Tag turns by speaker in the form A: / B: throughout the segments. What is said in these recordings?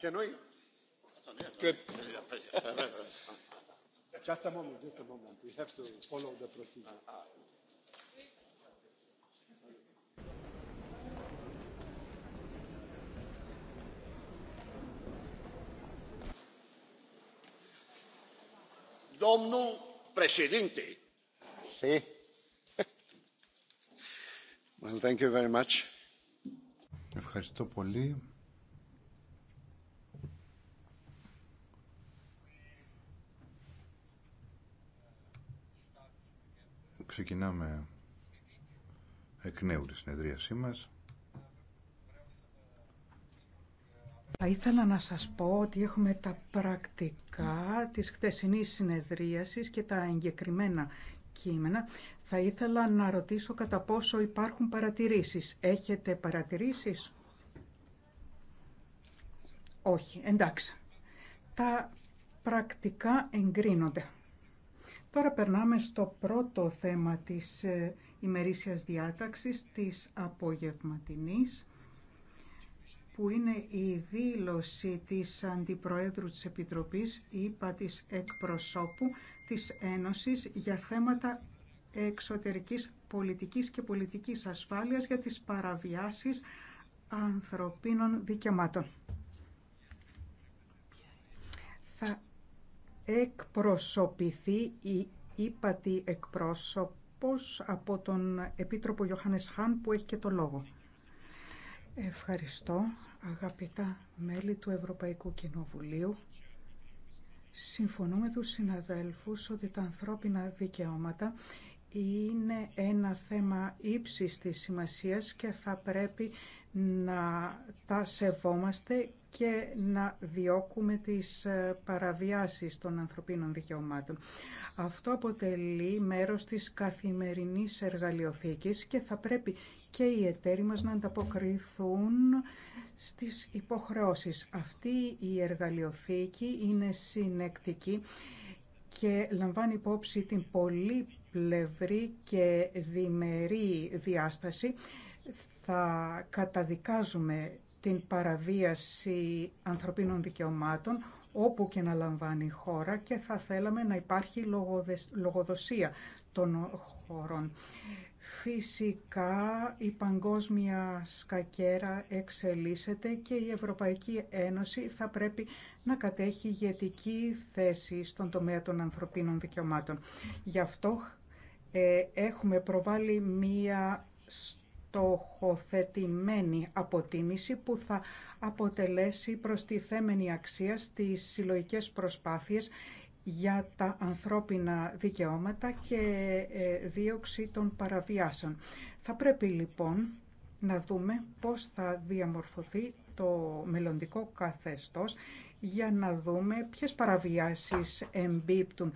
A: Can we? Good. just a moment, just a moment. We have to follow the procedure. Domnul președinte.
B: Sí. Well, thank you very much. Ευχαριστώ πολύ. ξεκινάμε εκ νέου τη συνεδρίασή μας.
C: Θα ήθελα να σας πω ότι έχουμε τα πρακτικά της χθεσινής συνεδρίασης και τα εγκεκριμένα κείμενα. Θα ήθελα να ρωτήσω κατά πόσο υπάρχουν παρατηρήσεις. Έχετε παρατηρήσεις? Όχι, εντάξει. Τα πρακτικά εγκρίνονται. Τώρα περνάμε στο πρώτο θέμα της ε, ημερήσιας διάταξης, της απογευματινής, που είναι η δήλωση της Αντιπροέδρου της Επιτροπής, είπα της εκπροσώπου της Ένωσης για θέματα εξωτερικής πολιτικής και πολιτικής ασφάλειας για τις παραβιάσεις ανθρωπίνων δικαιωμάτων. εκπροσωπηθεί η ύπατη εκπρόσωπος από τον Επίτροπο Γιώχανες Χάν που έχει και το λόγο. Ευχαριστώ αγαπητά μέλη του Ευρωπαϊκού Κοινοβουλίου. Συμφωνώ με τους συναδέλφους ότι τα ανθρώπινα δικαιώματα είναι ένα θέμα ύψης της σημασίας και θα πρέπει να τα σεβόμαστε και να διώκουμε τις ε, παραβιάσεις των ανθρωπίνων δικαιωμάτων. Αυτό αποτελεί μέρος της καθημερινής εργαλειοθήκης και θα πρέπει και οι εταίροι μας να ανταποκριθούν στις υποχρεώσεις. Αυτή η εργαλειοθήκη είναι συνεκτική και λαμβάνει υπόψη την πολύ πλευρή και διμερή διάσταση. Θα καταδικάζουμε την παραβίαση ανθρωπίνων δικαιωμάτων όπου και να λαμβάνει η χώρα και θα θέλαμε να υπάρχει λογοδοσία των χωρών. Φυσικά η παγκόσμια σκακέρα εξελίσσεται και η Ευρωπαϊκή Ένωση θα πρέπει να κατέχει ηγετική θέση στον τομέα των ανθρωπίνων δικαιωμάτων. Γι' αυτό ε, έχουμε προβάλει μία στοχοθετημένη αποτίμηση που θα αποτελέσει προστιθέμενη αξία στις συλλογικές προσπάθειες για τα ανθρώπινα δικαιώματα και ε, δίωξη των παραβιάσεων. Θα πρέπει λοιπόν να δούμε πώς θα διαμορφωθεί το μελλοντικό καθεστώς για να δούμε ποιες παραβιάσεις εμπίπτουν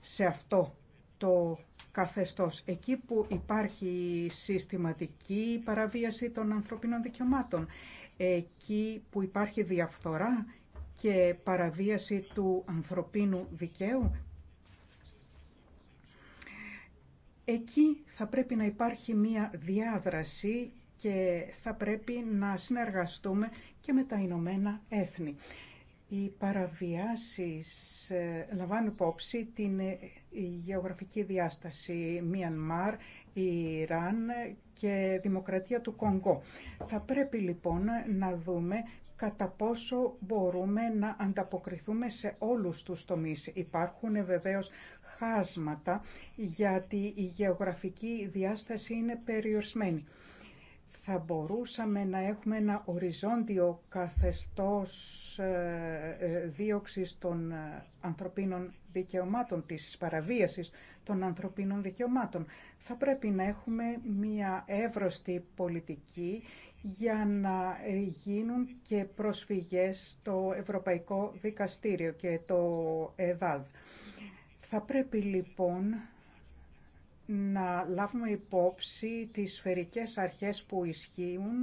C: σε αυτό το καθεστώς. Εκεί που υπάρχει συστηματική παραβίαση των ανθρωπίνων δικαιωμάτων, εκεί που υπάρχει διαφθορά και παραβίαση του ανθρωπίνου δικαίου, εκεί θα πρέπει να υπάρχει μία διάδραση και θα πρέπει να συνεργαστούμε και με τα Ηνωμένα Έθνη. Οι παραβιάσεις ε, λαμβάνουν υπόψη την ε, γεωγραφική διάσταση Μιανμάρ, Ιράν και Δημοκρατία του Κονγκό. Θα πρέπει λοιπόν να δούμε κατά πόσο μπορούμε να ανταποκριθούμε σε όλους τους τομείς. Υπάρχουν ε, βεβαίως χάσματα γιατί η γεωγραφική διάσταση είναι περιορισμένη θα μπορούσαμε να έχουμε ένα οριζόντιο καθεστώς ε, ε, δίωξης των ε, ανθρωπίνων δικαιωμάτων, της παραβίασης των ανθρωπίνων δικαιωμάτων. Θα πρέπει να έχουμε μια εύρωστη πολιτική για να γίνουν και προσφυγές στο Ευρωπαϊκό Δικαστήριο και το ΕΔΑΔ. Θα πρέπει λοιπόν να λάβουμε υπόψη τις σφαιρικές αρχές που ισχύουν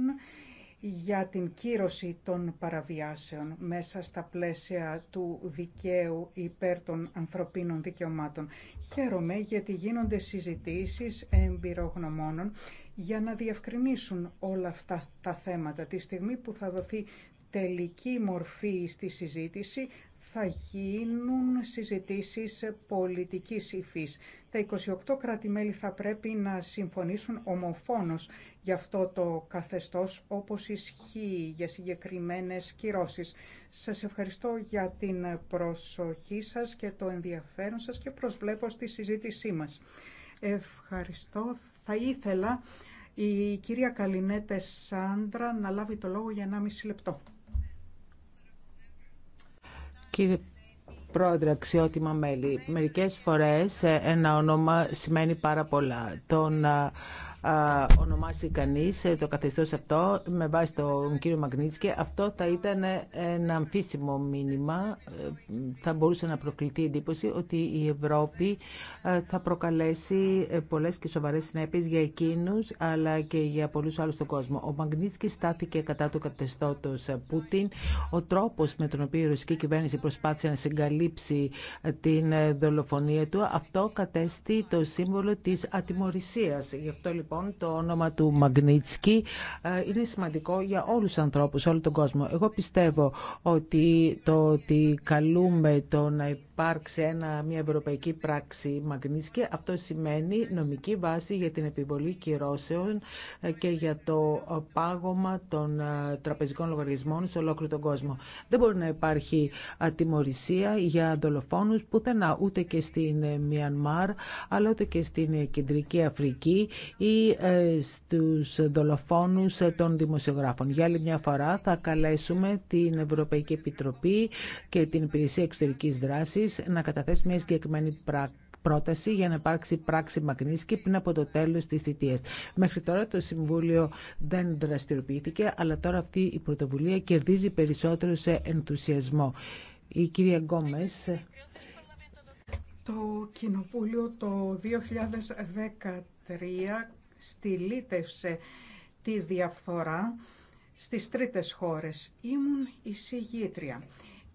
C: για την κύρωση των παραβιάσεων μέσα στα πλαίσια του δικαίου υπέρ των ανθρωπίνων δικαιωμάτων. Χαίρομαι γιατί γίνονται συζητήσεις εμπειρογνωμόνων για να διευκρινίσουν όλα αυτά τα θέματα. Τη στιγμή που θα δοθεί τελική μορφή στη συζήτηση θα γίνουν συζητήσεις πολιτικής υφής. Τα 28 κρατη θα πρέπει να συμφωνήσουν ομοφόνος για αυτό το καθεστώς, όπως ισχύει για συγκεκριμένες κυρώσεις. Σας ευχαριστώ για την προσοχή σας και το ενδιαφέρον σας και προσβλέπω στη συζήτησή μας. Ευχαριστώ. Θα ήθελα η κυρία Καλινέτε Σάντρα να λάβει το λόγο για 1,5 λεπτό.
D: Κύριε Πρόεδρε, αξιότιμα μέλη, μερικές φορές ε, ένα όνομα σημαίνει πάρα πολλά. Ε, ονομάσει κανείς ε, το καθεστώς αυτό με βάση τον κύριο Μαγνίτσκι, αυτό θα ήταν ένα αμφίσιμο μήνυμα. Ε, θα μπορούσε να προκληθεί εντύπωση ότι η Ευρώπη ε, θα προκαλέσει πολλές και σοβαρές συνέπειες για εκείνους αλλά και για πολλούς άλλους στον κόσμο. Ο Μαγνίτσκι στάθηκε κατά του καθεστώτος Πούτιν. Ο τρόπος με τον οποίο η ρωσική κυβέρνηση προσπάθησε να συγκαλύψει την δολοφονία του, αυτό κατέστη το σύμβολο της ατιμορρησίας. Γι' αυτό λοιπόν Λοιπόν, το όνομα του Μαγνίτσκι ε, είναι σημαντικό για όλους τους ανθρώπους, όλο τον κόσμο. Εγώ πιστεύω ότι το ότι καλούμε το να υπάρξει ένα, μια ευρωπαϊκή πράξη Μαγνίσκη. Αυτό σημαίνει νομική βάση για την επιβολή κυρώσεων ε, και για το πάγωμα των ε, τραπεζικών λογαριασμών σε ολόκληρο τον κόσμο. Δεν μπορεί να υπάρχει ε, τιμωρησία για δολοφόνους πουθενά, ούτε και στην Μιανμάρ, αλλά ούτε και στην Κεντρική Αφρική ή στους δολοφόνους των δημοσιογράφων. Για άλλη μια φορά θα καλέσουμε την Ευρωπαϊκή Επιτροπή και την Υπηρεσία Εξωτερικής Δράσης να καταθέσει μια συγκεκριμένη πρόταση για να υπάρξει πράξη Μαγνίσκη πριν από το τέλος της θητείας. Μέχρι τώρα το Συμβούλιο δεν δραστηριοποιήθηκε, αλλά τώρα αυτή η πρωτοβουλία κερδίζει περισσότερο σε ενθουσιασμό. Η κυρία Γκόμες...
C: Το Κοινοβούλιο το 2013 στυλίτευσε τη διαφθορά στις τρίτες χώρες. Ήμουν εισηγήτρια.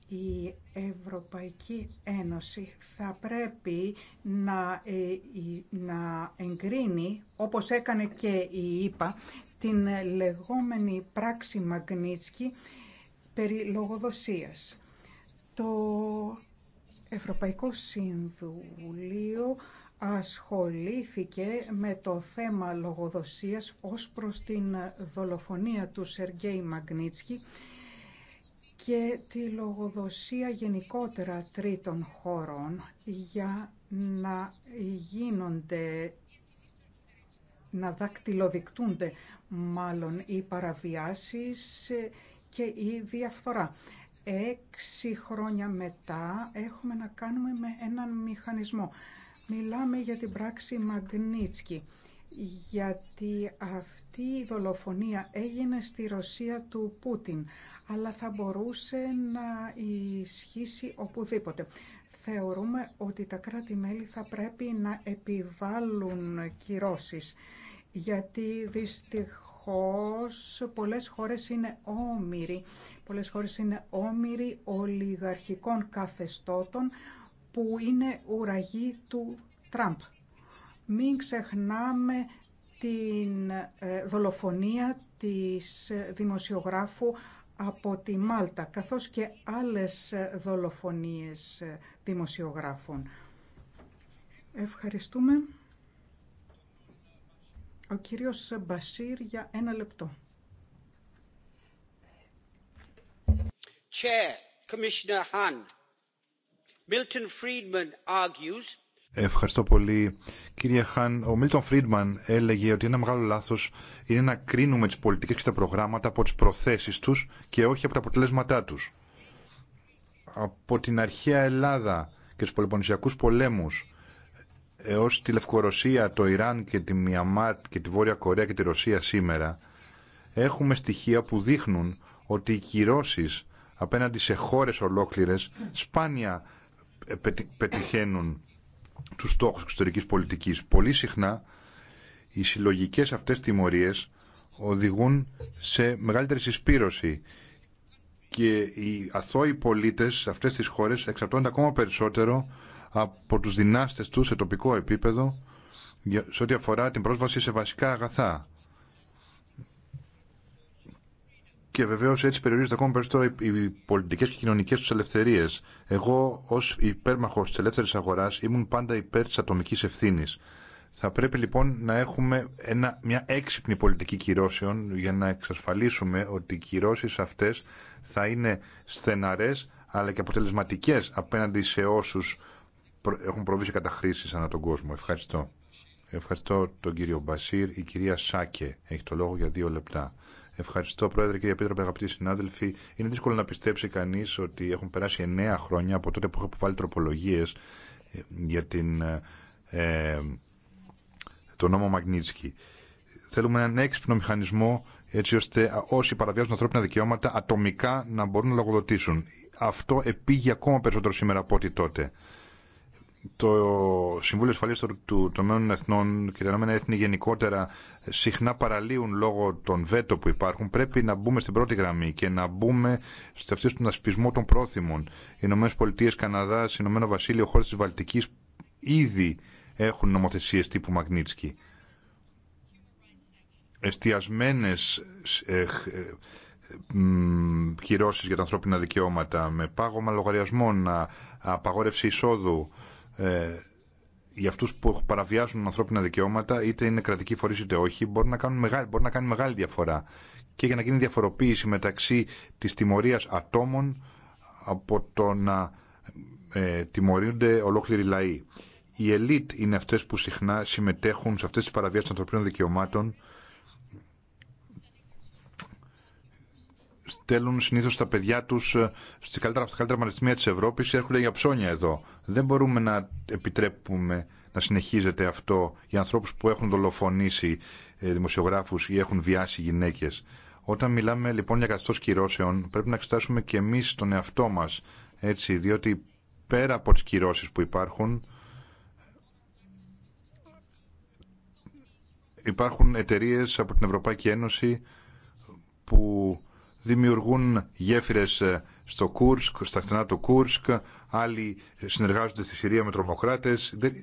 C: Η Ευρωπαϊκή Ένωση θα πρέπει ε, να, εγκρίνει, όπως έκανε και η ΕΠΑ, την λεγόμενη πράξη Μαγνίτσκι περί λογοδοσίας. Το Ευρωπαϊκό Συμβουλίο ασχολήθηκε με το θέμα λογοδοσίας ως προς την δολοφονία του Σεργέη Μαγνίτσκι και τη λογοδοσία γενικότερα τρίτων χωρών για να γίνονται, να δακτυλοδεικτούνται μάλλον οι παραβιάσεις και η διαφθορά. Έξι χρόνια μετά έχουμε να κάνουμε με έναν μηχανισμό. Μιλάμε για την πράξη Μαγνίτσκι, γιατί αυτή η δολοφονία έγινε στη Ρωσία του Πούτιν αλλά θα μπορούσε να ισχύσει οπουδήποτε. Θεωρούμε ότι τα κράτη-μέλη θα πρέπει να επιβάλλουν κυρώσεις, γιατί δυστυχώς πολλές χώρες είναι όμοιροι, πολλές χώρες είναι όμοιροι ολιγαρχικών καθεστώτων που είναι ουραγή του Τραμπ. Μην ξεχνάμε την ε, δολοφονία της δημοσιογράφου από τη Μάλτα, καθώς και άλλες δολοφονίες ε, δημοσιογράφων. Ευχαριστούμε. Ο κύριος Μπασίρ για ένα λεπτό.
E: Chair, Commissioner Milton
B: Ευχαριστώ πολύ. Κύριε Χαν, ο Μίλτον Φρίντμαν έλεγε ότι ένα μεγάλο λάθο είναι να κρίνουμε τι πολιτικέ και τα προγράμματα από τι προθέσει του και όχι από τα αποτελέσματά του. Από την αρχαία Ελλάδα και του πολυπονησιακού πολέμου έω τη Λευκορωσία, το Ιράν και τη Μιαμάρ και τη Βόρεια Κορέα και τη Ρωσία σήμερα, έχουμε στοιχεία που δείχνουν ότι οι κυρώσει απέναντι σε χώρε ολόκληρε σπάνια πετυχαίνουν τους στόχους εξωτερικής πολιτικής. Πολύ συχνά οι συλλογικές αυτές τιμωρίες οδηγούν σε μεγαλύτερη συσπήρωση και οι αθώοι πολίτες σε αυτές τις χώρες εξαρτώνται ακόμα περισσότερο από τους δυνάστες του σε τοπικό επίπεδο σε ό,τι αφορά την πρόσβαση σε βασικά αγαθά. και βεβαίω έτσι περιορίζονται ακόμα περισσότερο οι πολιτικέ και κοινωνικέ του ελευθερίε. Εγώ ω υπέρμαχο τη ελεύθερη αγορά ήμουν πάντα υπέρ τη ατομική ευθύνη. Θα πρέπει λοιπόν να έχουμε ένα, μια έξυπνη πολιτική κυρώσεων για να εξασφαλίσουμε ότι οι κυρώσει αυτέ θα είναι στεναρέ, αλλά και αποτελεσματικέ απέναντι σε όσου έχουν προβεί σε καταχρήσει ανά τον κόσμο. Ευχαριστώ. Ευχαριστώ τον κύριο Μπασίρ. Η κυρία Σάκε έχει το λόγο για δύο λεπτά. Ευχαριστώ, Πρόεδρε, κύριε Πίτροπε, αγαπητοί συνάδελφοι. Είναι δύσκολο να πιστέψει κανεί ότι έχουν περάσει 9 χρόνια από τότε που έχω υποβάλει τροπολογίε ε, για την, ε, ε το νόμο Μαγνίτσκι. Θέλουμε έναν έξυπνο μηχανισμό έτσι ώστε όσοι παραβιάζουν ανθρώπινα δικαιώματα ατομικά να μπορούν να λογοδοτήσουν. Αυτό επήγει ακόμα περισσότερο σήμερα από ό,τι τότε το Συμβούλιο Ασφαλείας του Τομέων Εθνών και τα Ηνωμένα Έθνη γενικότερα συχνά παραλύουν λόγω των βέτο που υπάρχουν, πρέπει να μπούμε στην πρώτη γραμμή και να μπούμε σε αυτή τον ασπισμό των πρόθυμων. Οι Ηνωμένες Καναδά, Καναδάς, Ηνωμένο Βασίλειο, χώρες της Βαλτική ήδη έχουν νομοθεσίε τύπου Μαγνίτσκι. Εστιασμένες ε, ε, κυρώσεις για τα ανθρώπινα δικαιώματα, με πάγωμα λογαριασμών, απαγόρευση εισόδου, ε, για αυτούς που παραβιάζουν ανθρώπινα δικαιώματα, είτε είναι κρατικοί φορείς είτε όχι, μπορεί να, κάνουν μεγάλη, μπορεί να κάνει μεγάλη διαφορά. Και για να γίνει διαφοροποίηση μεταξύ της τιμωρία ατόμων από το να ε, τιμωρούνται ολόκληροι λαοί. Οι ελίτ είναι αυτέ που συχνά συμμετέχουν σε αυτές τις παραβιάσεις των ανθρωπίνων δικαιωμάτων στέλνουν συνήθω τα παιδιά του ε, στα καλύτερα, καλύτερα πανεπιστήμια τη Ευρώπη και έρχονται για ψώνια εδώ. Δεν μπορούμε να επιτρέπουμε να συνεχίζεται αυτό για ανθρώπου που έχουν δολοφονήσει ε, δημοσιογράφου ή έχουν βιάσει γυναίκε. Όταν μιλάμε λοιπόν για καθεστώ κυρώσεων, πρέπει να εξετάσουμε και εμεί τον εαυτό μα. Έτσι, διότι πέρα από τι κυρώσει που υπάρχουν, υπάρχουν εταιρείε από την Ευρωπαϊκή Ένωση που δημιουργούν γέφυρες ε, στο Κούρσκ, στα στενά του Κούρσκ, άλλοι συνεργάζονται στη Συρία με τρομοκράτε.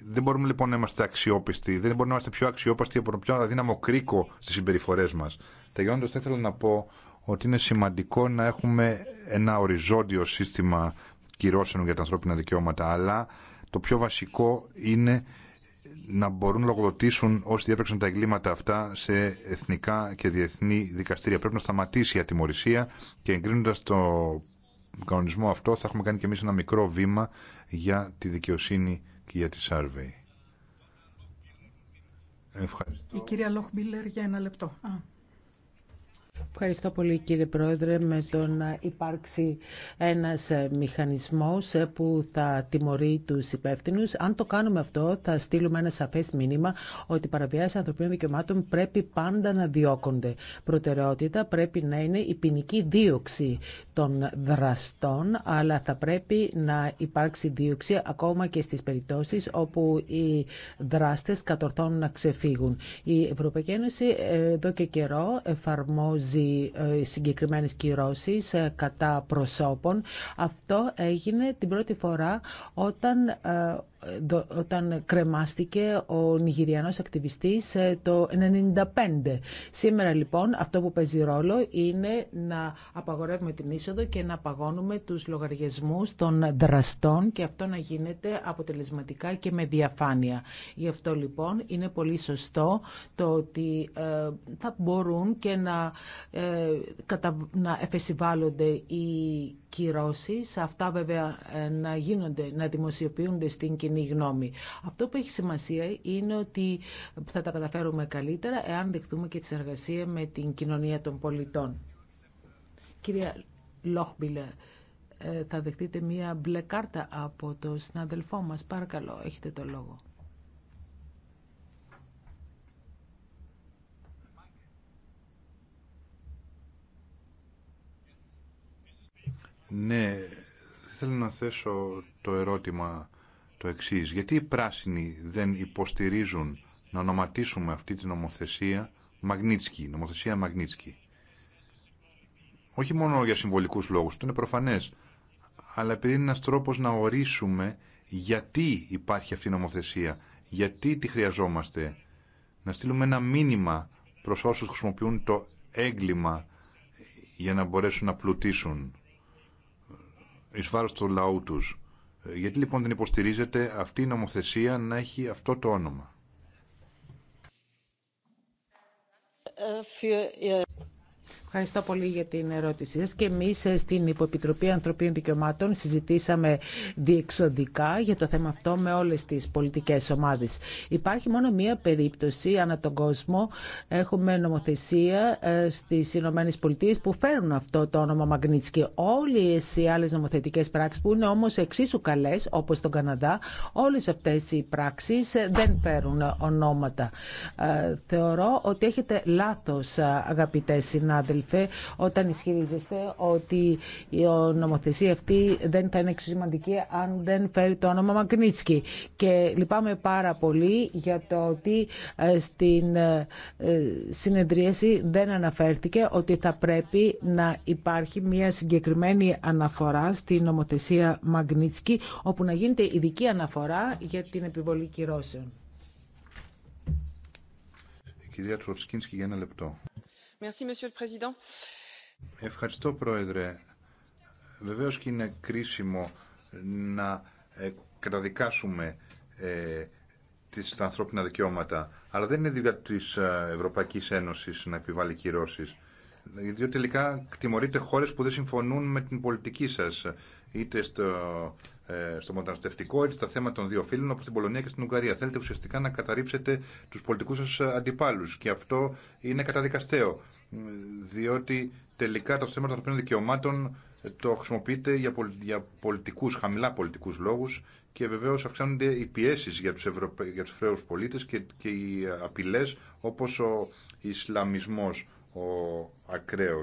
B: Δεν, μπορούμε λοιπόν να είμαστε αξιόπιστοι, δεν μπορούμε να είμαστε πιο αξιόπιστοι από τον πιο αδύναμο κρίκο στι συμπεριφορέ μα. Τελειώνοντα, θα ήθελα να πω ότι είναι σημαντικό να έχουμε ένα οριζόντιο σύστημα κυρώσεων για τα ανθρώπινα δικαιώματα, αλλά το πιο βασικό είναι να μπορούν να λογοδοτήσουν όσοι διέπραξαν τα εγκλήματα αυτά σε εθνικά και διεθνή δικαστήρια. Πρέπει να σταματήσει η ατιμορρησία και εγκρίνοντα το κανονισμό αυτό θα έχουμε κάνει και εμείς ένα μικρό βήμα για τη δικαιοσύνη και για τη Σάρβεϊ. Ευχαριστώ.
C: Η κυρία Λόχμπιλερ για ένα λεπτό.
D: Ευχαριστώ πολύ κύριε Πρόεδρε με το να υπάρξει ένας ε, μηχανισμός ε, που θα τιμωρεί τους υπεύθυνου. Αν το κάνουμε αυτό θα στείλουμε ένα σαφές μήνυμα ότι οι παραβιάσεις ανθρωπίνων δικαιωμάτων πρέπει πάντα να διώκονται. Προτεραιότητα πρέπει να είναι η ποινική δίωξη των δραστών αλλά θα πρέπει να υπάρξει δίωξη ακόμα και στις περιπτώσεις όπου οι δράστες κατορθώνουν να ξεφύγουν. Η Ευρωπαϊκή Ένωση ε, εδώ και καιρό εφαρμόζει βάζει ε, συγκεκριμένες κυρώσεις ε, κατά προσώπων. Αυτό έγινε την πρώτη φορά όταν ε, όταν κρεμάστηκε ο Νιγηριανός ακτιβιστής το 1995. Σήμερα λοιπόν αυτό που παίζει ρόλο είναι να απαγορεύουμε την είσοδο και να παγώνουμε τους λογαριασμούς των δραστών και αυτό να γίνεται αποτελεσματικά και με διαφάνεια. Γι' αυτό λοιπόν είναι πολύ σωστό το ότι θα μπορούν και να ε, να εφεσιβάλλονται οι κυρώσεις, αυτά βέβαια ε, να, γίνονται, να δημοσιοποιούνται στην κοινή γνώμη. Αυτό που έχει σημασία είναι ότι θα τα καταφέρουμε καλύτερα εάν δεχτούμε και τη συνεργασία με την κοινωνία των πολιτών. Κυρία Λόχμπιλε, ε, θα δεχτείτε μία μπλε κάρτα από τον συναδελφό μας. Παρακαλώ, έχετε το λόγο.
B: Ναι, θέλω να θέσω το ερώτημα το εξής. Γιατί οι πράσινοι δεν υποστηρίζουν να ονοματίσουμε αυτή την νομοθεσία Μαγνίτσκι, νομοθεσία Μαγνίτσκι. Όχι μόνο για συμβολικούς λόγους, το είναι προφανές, αλλά επειδή είναι ένας τρόπος να ορίσουμε γιατί υπάρχει αυτή η νομοθεσία, γιατί τη χρειαζόμαστε, να στείλουμε ένα μήνυμα προς όσους χρησιμοποιούν το έγκλημα για να μπορέσουν να πλουτίσουν εις βάρος του λαού τους. Ε, γιατί λοιπόν δεν υποστηρίζεται αυτή η νομοθεσία να έχει αυτό το όνομα.
D: Ε, ε, Ευχαριστώ πολύ για την ερώτησή σας και εμείς ε, στην Υποεπιτροπή Ανθρωπίνων Δικαιωμάτων συζητήσαμε διεξοδικά για το θέμα αυτό με όλες τις πολιτικές ομάδες. Υπάρχει μόνο μία περίπτωση ανά τον κόσμο. Έχουμε νομοθεσία ε, στις Ηνωμένες Πολιτείες που φέρουν αυτό το όνομα Μαγνίτσκι. Όλες οι άλλες νομοθετικές πράξεις που είναι όμως εξίσου καλές όπως στον Καναδά, όλες αυτές οι πράξεις ε, δεν φέρουν ονόματα. Θεωρώ ότι έχετε λάθος αγαπητέ συνάδελφοι όταν ισχυρίζεστε ότι η νομοθεσία αυτή δεν θα είναι εξουσιαστική αν δεν φέρει το όνομα Μαγνίτσκι. Και λυπάμαι πάρα πολύ για το ότι ε, στην ε, συνεδρίαση δεν αναφέρθηκε ότι θα πρέπει να υπάρχει μια συγκεκριμένη αναφορά στη νομοθεσία Μαγνίτσκι, όπου να γίνεται ειδική αναφορά για την επιβολή κυρώσεων.
B: κυρία για ένα λεπτό. Ευχαριστώ, Πρόεδρε. Βεβαίως και είναι κρίσιμο να ε, καταδικάσουμε ε, τις, τα ανθρώπινα δικαιώματα. Αλλά δεν είναι δουλειά της ε, Ευρωπαϊκής Ένωσης να επιβάλλει κυρώσεις. Διότι τελικά τιμωρείτε χώρες που δεν συμφωνούν με την πολιτική σας είτε στο, ε, στο μεταναστευτικό, είτε στα θέματα των δύο φίλων, όπω στην Πολωνία και στην Ουγγαρία. Θέλετε ουσιαστικά να καταρρύψετε του πολιτικού σα αντιπάλου. Και αυτό είναι καταδικαστέο. Διότι τελικά το θέμα των ανθρωπίνων δικαιωμάτων το χρησιμοποιείται για, για πολιτικούς, χαμηλά πολιτικούς λόγους και βεβαίω αυξάνονται οι πιέσει για του Ευρωπα... για και... και οι απειλέ, όπω ο Ισλαμισμό, ο ακραίο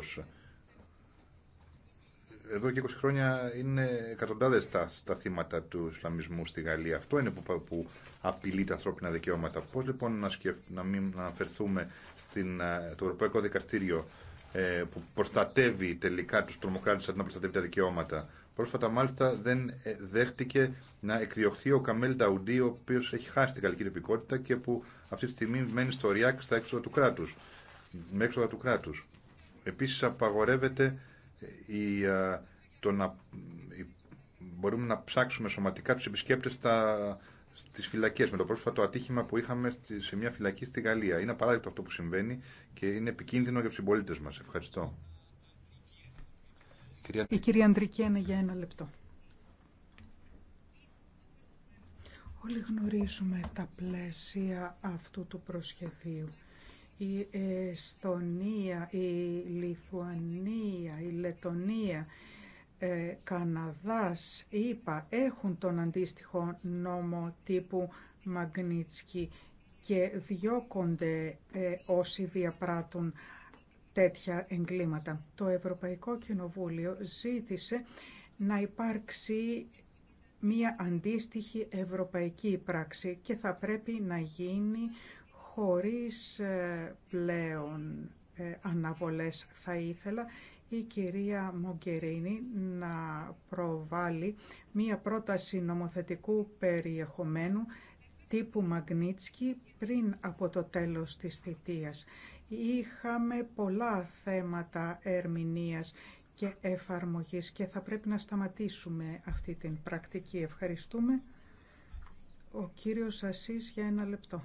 B: εδώ και 20 χρόνια είναι εκατοντάδε τα, τα θύματα του Ισλαμισμού στη Γαλλία. Αυτό είναι που, που απειλεί τα ανθρώπινα δικαιώματα. Πώ λοιπόν να, σκεφ, να μην αναφερθούμε στην, το Ευρωπαϊκό Δικαστήριο ε, που προστατεύει τελικά του τρομοκράτε αντί να προστατεύει τα δικαιώματα. Πρόσφατα μάλιστα δεν ε, δέχτηκε να εκδιωχθεί ο Καμέλ Νταουντή, ο οποίο έχει χάσει την καλλική τυπικότητα και που αυτή τη στιγμή μένει στο ΡΙΑΚ στα έξοδα του Με έξοδα του κράτου. Επίση, απαγορεύεται η, ε, το να, μπορούμε να ψάξουμε σωματικά τους επισκέπτες στα, στις φυλακές με το πρόσφατο ατύχημα που είχαμε στη, σε μια φυλακή στη Γαλλία. Είναι απαράδεκτο αυτό που συμβαίνει και είναι επικίνδυνο για τους συμπολίτε μας. Ευχαριστώ. Η
C: κυρία ενα για ένα λεπτό. Όλοι γνωρίζουμε τα πλαίσια αυτού του προσχεθείου η Εστονία, η Λιθουανία, η Λετονία, ε, Καναδάς, ΗΠΑ έχουν τον αντίστοιχο νόμο τύπου Μαγνίτσκι και διώκονται ε, όσοι διαπράττουν τέτοια εγκλήματα. Το Ευρωπαϊκό Κοινοβούλιο ζήτησε να υπάρξει μία αντίστοιχη ευρωπαϊκή πράξη και θα πρέπει να γίνει χωρίς ε, πλέον ε, αναβολές θα ήθελα η κυρία Μογκερίνη να προβάλλει μία πρόταση νομοθετικού περιεχομένου τύπου Μαγνίτσκι πριν από το τέλος της θητείας. Είχαμε πολλά θέματα ερμηνείας και εφαρμογής και θα πρέπει να σταματήσουμε αυτή την πρακτική. Ευχαριστούμε. Ο κύριος Ασής για ένα λεπτό.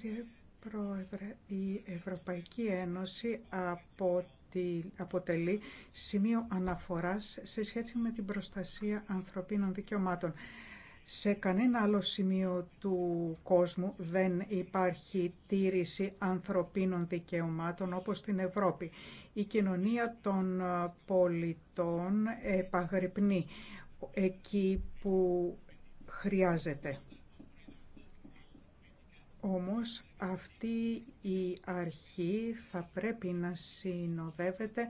C: Κύριε Πρόεδρε, η Ευρωπαϊκή Ένωση από αποτελεί σημείο αναφοράς σε σχέση με την προστασία ανθρωπίνων δικαιωμάτων. Σε κανένα άλλο σημείο του κόσμου δεν υπάρχει τήρηση ανθρωπίνων δικαιωμάτων όπως στην Ευρώπη. Η κοινωνία των πολιτών επαγρυπνεί εκεί που χρειάζεται. Όμως αυτή η αρχή θα πρέπει να συνοδεύεται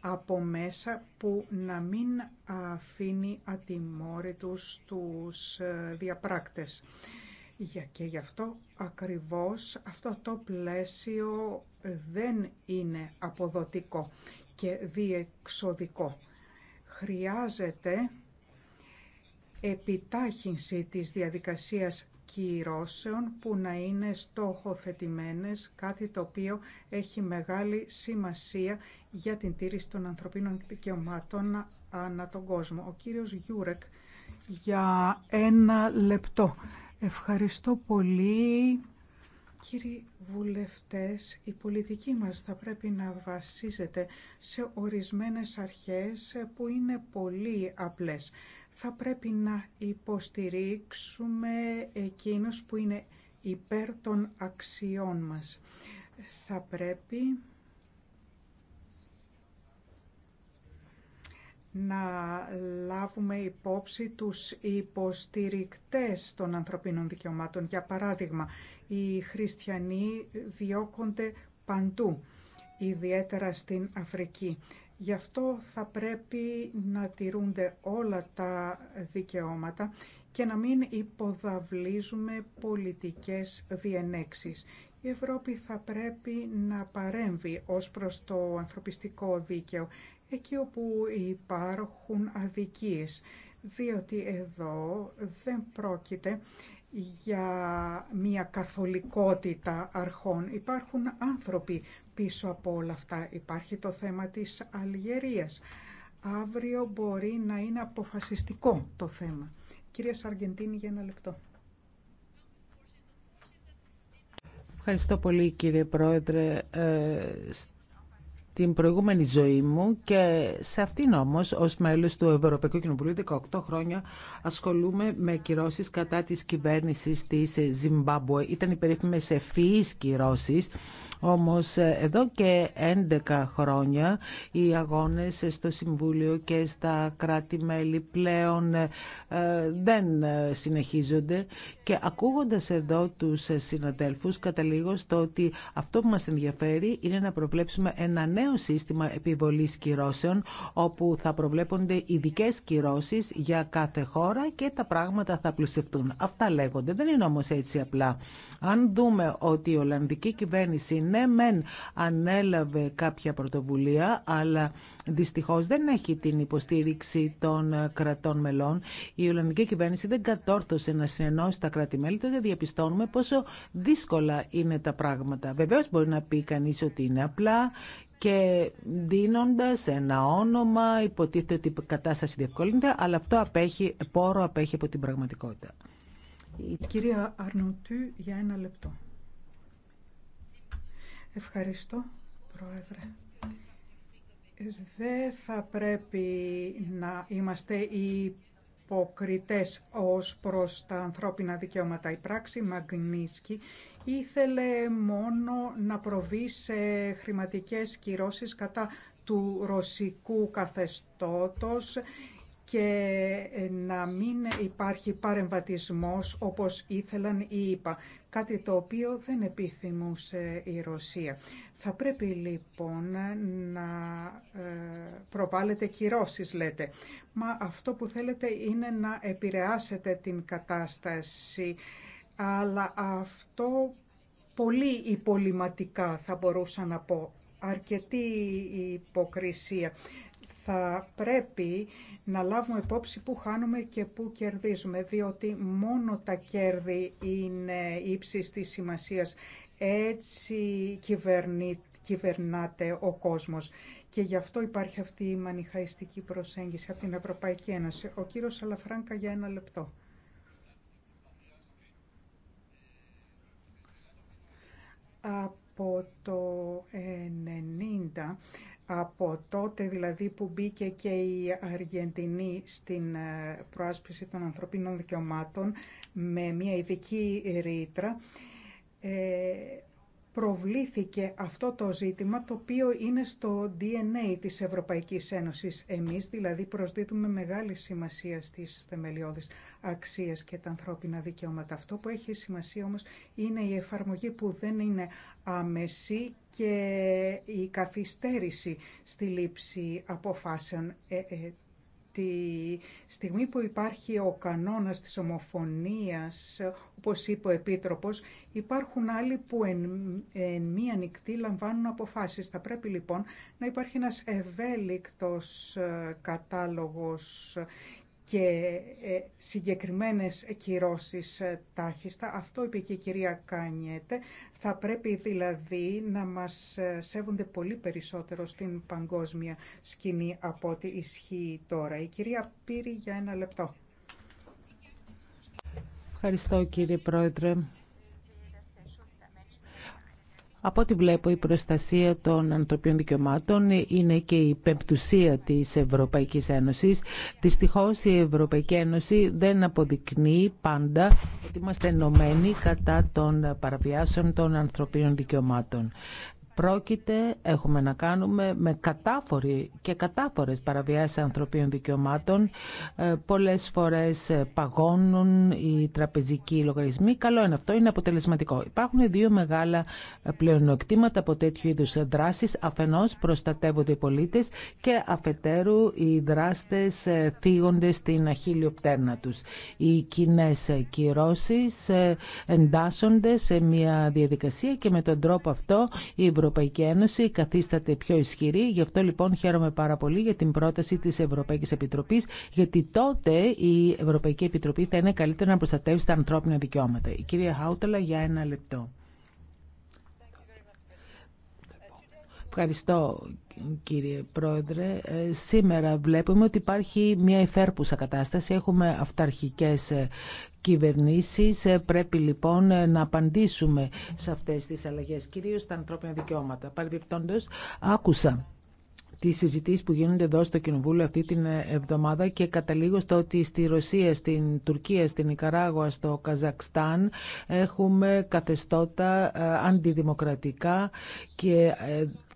C: από μέσα που να μην αφήνει ατιμόρυτους τους ε, διαπράκτες. Και γι' αυτό ακριβώς αυτό το πλαίσιο δεν είναι αποδοτικό και διεξοδικό. Χρειάζεται επιτάχυνση της διαδικασίας κυρώσεων που να είναι στόχοθετημένες, κάτι το οποίο έχει μεγάλη σημασία για την τήρηση των ανθρωπίνων δικαιωμάτων ανά τον κόσμο. Ο κύριος Γιούρεκ για ένα λεπτό. Ευχαριστώ πολύ. Κύριοι βουλευτές, η πολιτική μας θα πρέπει να βασίζεται σε ορισμένες αρχές που είναι πολύ απλές θα πρέπει να υποστηρίξουμε εκείνους που είναι υπέρ των αξιών μας. Θα πρέπει να λάβουμε υπόψη τους υποστηρικτές των ανθρωπίνων δικαιωμάτων. Για παράδειγμα, οι χριστιανοί διώκονται παντού, ιδιαίτερα στην Αφρική. Γι' αυτό θα πρέπει να τηρούνται όλα τα δικαιώματα και να μην υποδαβλίζουμε πολιτικές διενέξεις. Η Ευρώπη θα πρέπει να παρέμβει ως προς το ανθρωπιστικό δίκαιο, εκεί όπου υπάρχουν αδικίες, διότι εδώ δεν πρόκειται για μια καθολικότητα αρχών. Υπάρχουν άνθρωποι Πίσω από όλα αυτά υπάρχει το θέμα της Αλγερίας. Αύριο μπορεί να είναι αποφασιστικό το θέμα. Κυρία Σαργεντίνη για ένα λεπτό.
D: Ευχαριστώ πολύ κύριε Πρόεδρε. Ε, την προηγούμενη ζωή μου και σε αυτήν όμως ως μέλος του Ευρωπαϊκού Κοινοβουλίου 18 χρόνια ασχολούμαι με κυρώσεις κατά της κυβέρνησης της Ζιμπάμπουε. Ήταν οι περίφημες ευφυείς κυρώσεις όμως εδώ και 11 χρόνια οι αγώνες στο Συμβούλιο και στα κράτη-μέλη πλέον ε, δεν συνεχίζονται και ακούγοντας εδώ τους συναδέλφους καταλήγω στο ότι αυτό που μας ενδιαφέρει είναι να προβλέψουμε ένα νέο νέο σύστημα επιβολής κυρώσεων όπου θα προβλέπονται ειδικέ κυρώσεις για κάθε χώρα και τα πράγματα θα πλουστευτούν. Αυτά λέγονται. Δεν είναι όμως έτσι απλά. Αν δούμε ότι η Ολλανδική κυβέρνηση ναι μεν ανέλαβε κάποια πρωτοβουλία αλλά δυστυχώς δεν έχει την υποστήριξη των κρατών μελών. Η Ολλανδική κυβέρνηση δεν κατόρθωσε να συνενώσει τα κράτη-μέλη, τότε διαπιστώνουμε πόσο δύσκολα είναι τα πράγματα. Βεβαίως μπορεί να πει κανεί ότι είναι απλά και δίνοντας ένα όνομα υποτίθεται ότι η κατάσταση διευκολύνεται, αλλά αυτό απέχει, πόρο απέχει από την πραγματικότητα.
C: Η κυρία Αρνοτού για ένα λεπτό. Ευχαριστώ, Πρόεδρε. Δεν θα πρέπει να είμαστε υποκριτές ως προς τα ανθρώπινα δικαιώματα. Η πράξη Μαγνίσκη ήθελε μόνο να προβεί σε χρηματικές κυρώσεις κατά του ρωσικού καθεστώτος και ε, να μην υπάρχει παρεμβατισμός όπως ήθελαν η ειπα κάτι το οποίο δεν επιθυμούσε η Ρωσία. Θα πρέπει λοιπόν να ε, προβάλλετε κυρώσεις λέτε, μα αυτό που θέλετε είναι να επηρεάσετε την κατάσταση αλλά αυτό πολύ υπολοιματικά θα μπορούσα να πω, αρκετή υποκρισία. Θα πρέπει να λάβουμε υπόψη που χάνουμε και που κερδίζουμε, διότι μόνο τα κέρδη είναι ύψης της σημασίας. Έτσι κυβερνεί, κυβερνάται ο κόσμος και γι' αυτό υπάρχει αυτή η μανιχαϊστική προσέγγιση από την Ευρωπαϊκή Ένωση. Ο κύριος Αλαφράνκα για ένα λεπτό. από το 90, από τότε δηλαδή που μπήκε και η Αργεντινή στην ε, προάσπιση των ανθρωπίνων δικαιωμάτων με μια ειδική ρήτρα, ε, προβλήθηκε αυτό το ζήτημα το οποίο είναι στο DNA της Ευρωπαϊκής Ένωσης. Εμείς δηλαδή προσδίδουμε μεγάλη σημασία στις θεμελιώδεις αξίες και τα ανθρώπινα δικαιώματα. Αυτό που έχει σημασία όμως είναι η εφαρμογή που δεν είναι άμεση και η καθυστέρηση στη λήψη αποφάσεων. Ε, ε, τη στιγμή που υπάρχει ο κανόνας της ομοφωνίας, όπως είπε ο Επίτροπος, υπάρχουν άλλοι που εν, μία νυχτή λαμβάνουν αποφάσεις. Θα πρέπει λοιπόν να υπάρχει ένας ευέλικτος ε, κατάλογος και ε, συγκεκριμένες κυρώσεις ε, τάχιστα. Αυτό είπε και η κυρία Κάνιέτε. Θα πρέπει δηλαδή να μας ε, σέβονται πολύ περισσότερο στην παγκόσμια σκηνή από ό,τι ισχύει τώρα. Η κυρία Πύρη για ένα λεπτό.
D: Ευχαριστώ κύριε Πρόεδρε. Από ό,τι βλέπω η προστασία των ανθρωπίνων δικαιωμάτων είναι και η πεμπτουσία της Ευρωπαϊκής Ένωσης. Δυστυχώς η Ευρωπαϊκή Ένωση δεν αποδεικνύει πάντα ότι είμαστε ενωμένοι κατά των παραβιάσεων των ανθρωπίνων δικαιωμάτων. Πρόκειται, έχουμε να κάνουμε με κατάφορη και κατάφορες παραβιάσεις ανθρωπίνων δικαιωμάτων. Ε, πολλές φορές ε, παγώνουν οι τραπεζικοί λογαριασμοί. Καλό είναι αυτό, είναι αποτελεσματικό. Υπάρχουν δύο μεγάλα ε, πλεονεκτήματα από τέτοιου είδους δράσεις. Αφενός προστατεύονται οι πολίτες και αφετέρου οι δράστες θίγονται στην αχύλιο πτέρνα τους. Οι κοινέ κυρώσεις εντάσσονται σε μια διαδικασία και με τον τρόπο αυτό η Ευρωπαϊκή Ένωση καθίσταται πιο ισχυρή. Γι' αυτό λοιπόν χαίρομαι πάρα πολύ για την πρόταση της Ευρωπαϊκής Επιτροπής, γιατί τότε η Ευρωπαϊκή Επιτροπή θα είναι καλύτερη να προστατεύσει τα ανθρώπινα δικαιώματα. Η κυρία Χάουταλα για ένα λεπτό. Ευχαριστώ κύριε Πρόεδρε. Ε, σήμερα βλέπουμε ότι υπάρχει μια υφέρπουσα κατάσταση. Έχουμε αυταρχικές ε, κυβερνήσεις. Ε, πρέπει λοιπόν να απαντήσουμε σε αυτές τις αλλαγές, κυρίως στα ανθρώπινα δικαιώματα. Παρεμπιπτόντως, άκουσα τι συζητήσει που γίνονται εδώ στο Κοινοβούλιο αυτή την εβδομάδα και καταλήγω στο ότι στη Ρωσία, στην Τουρκία, στην Ικαράγουα, στο Καζακστάν έχουμε καθεστώτα αντιδημοκρατικά και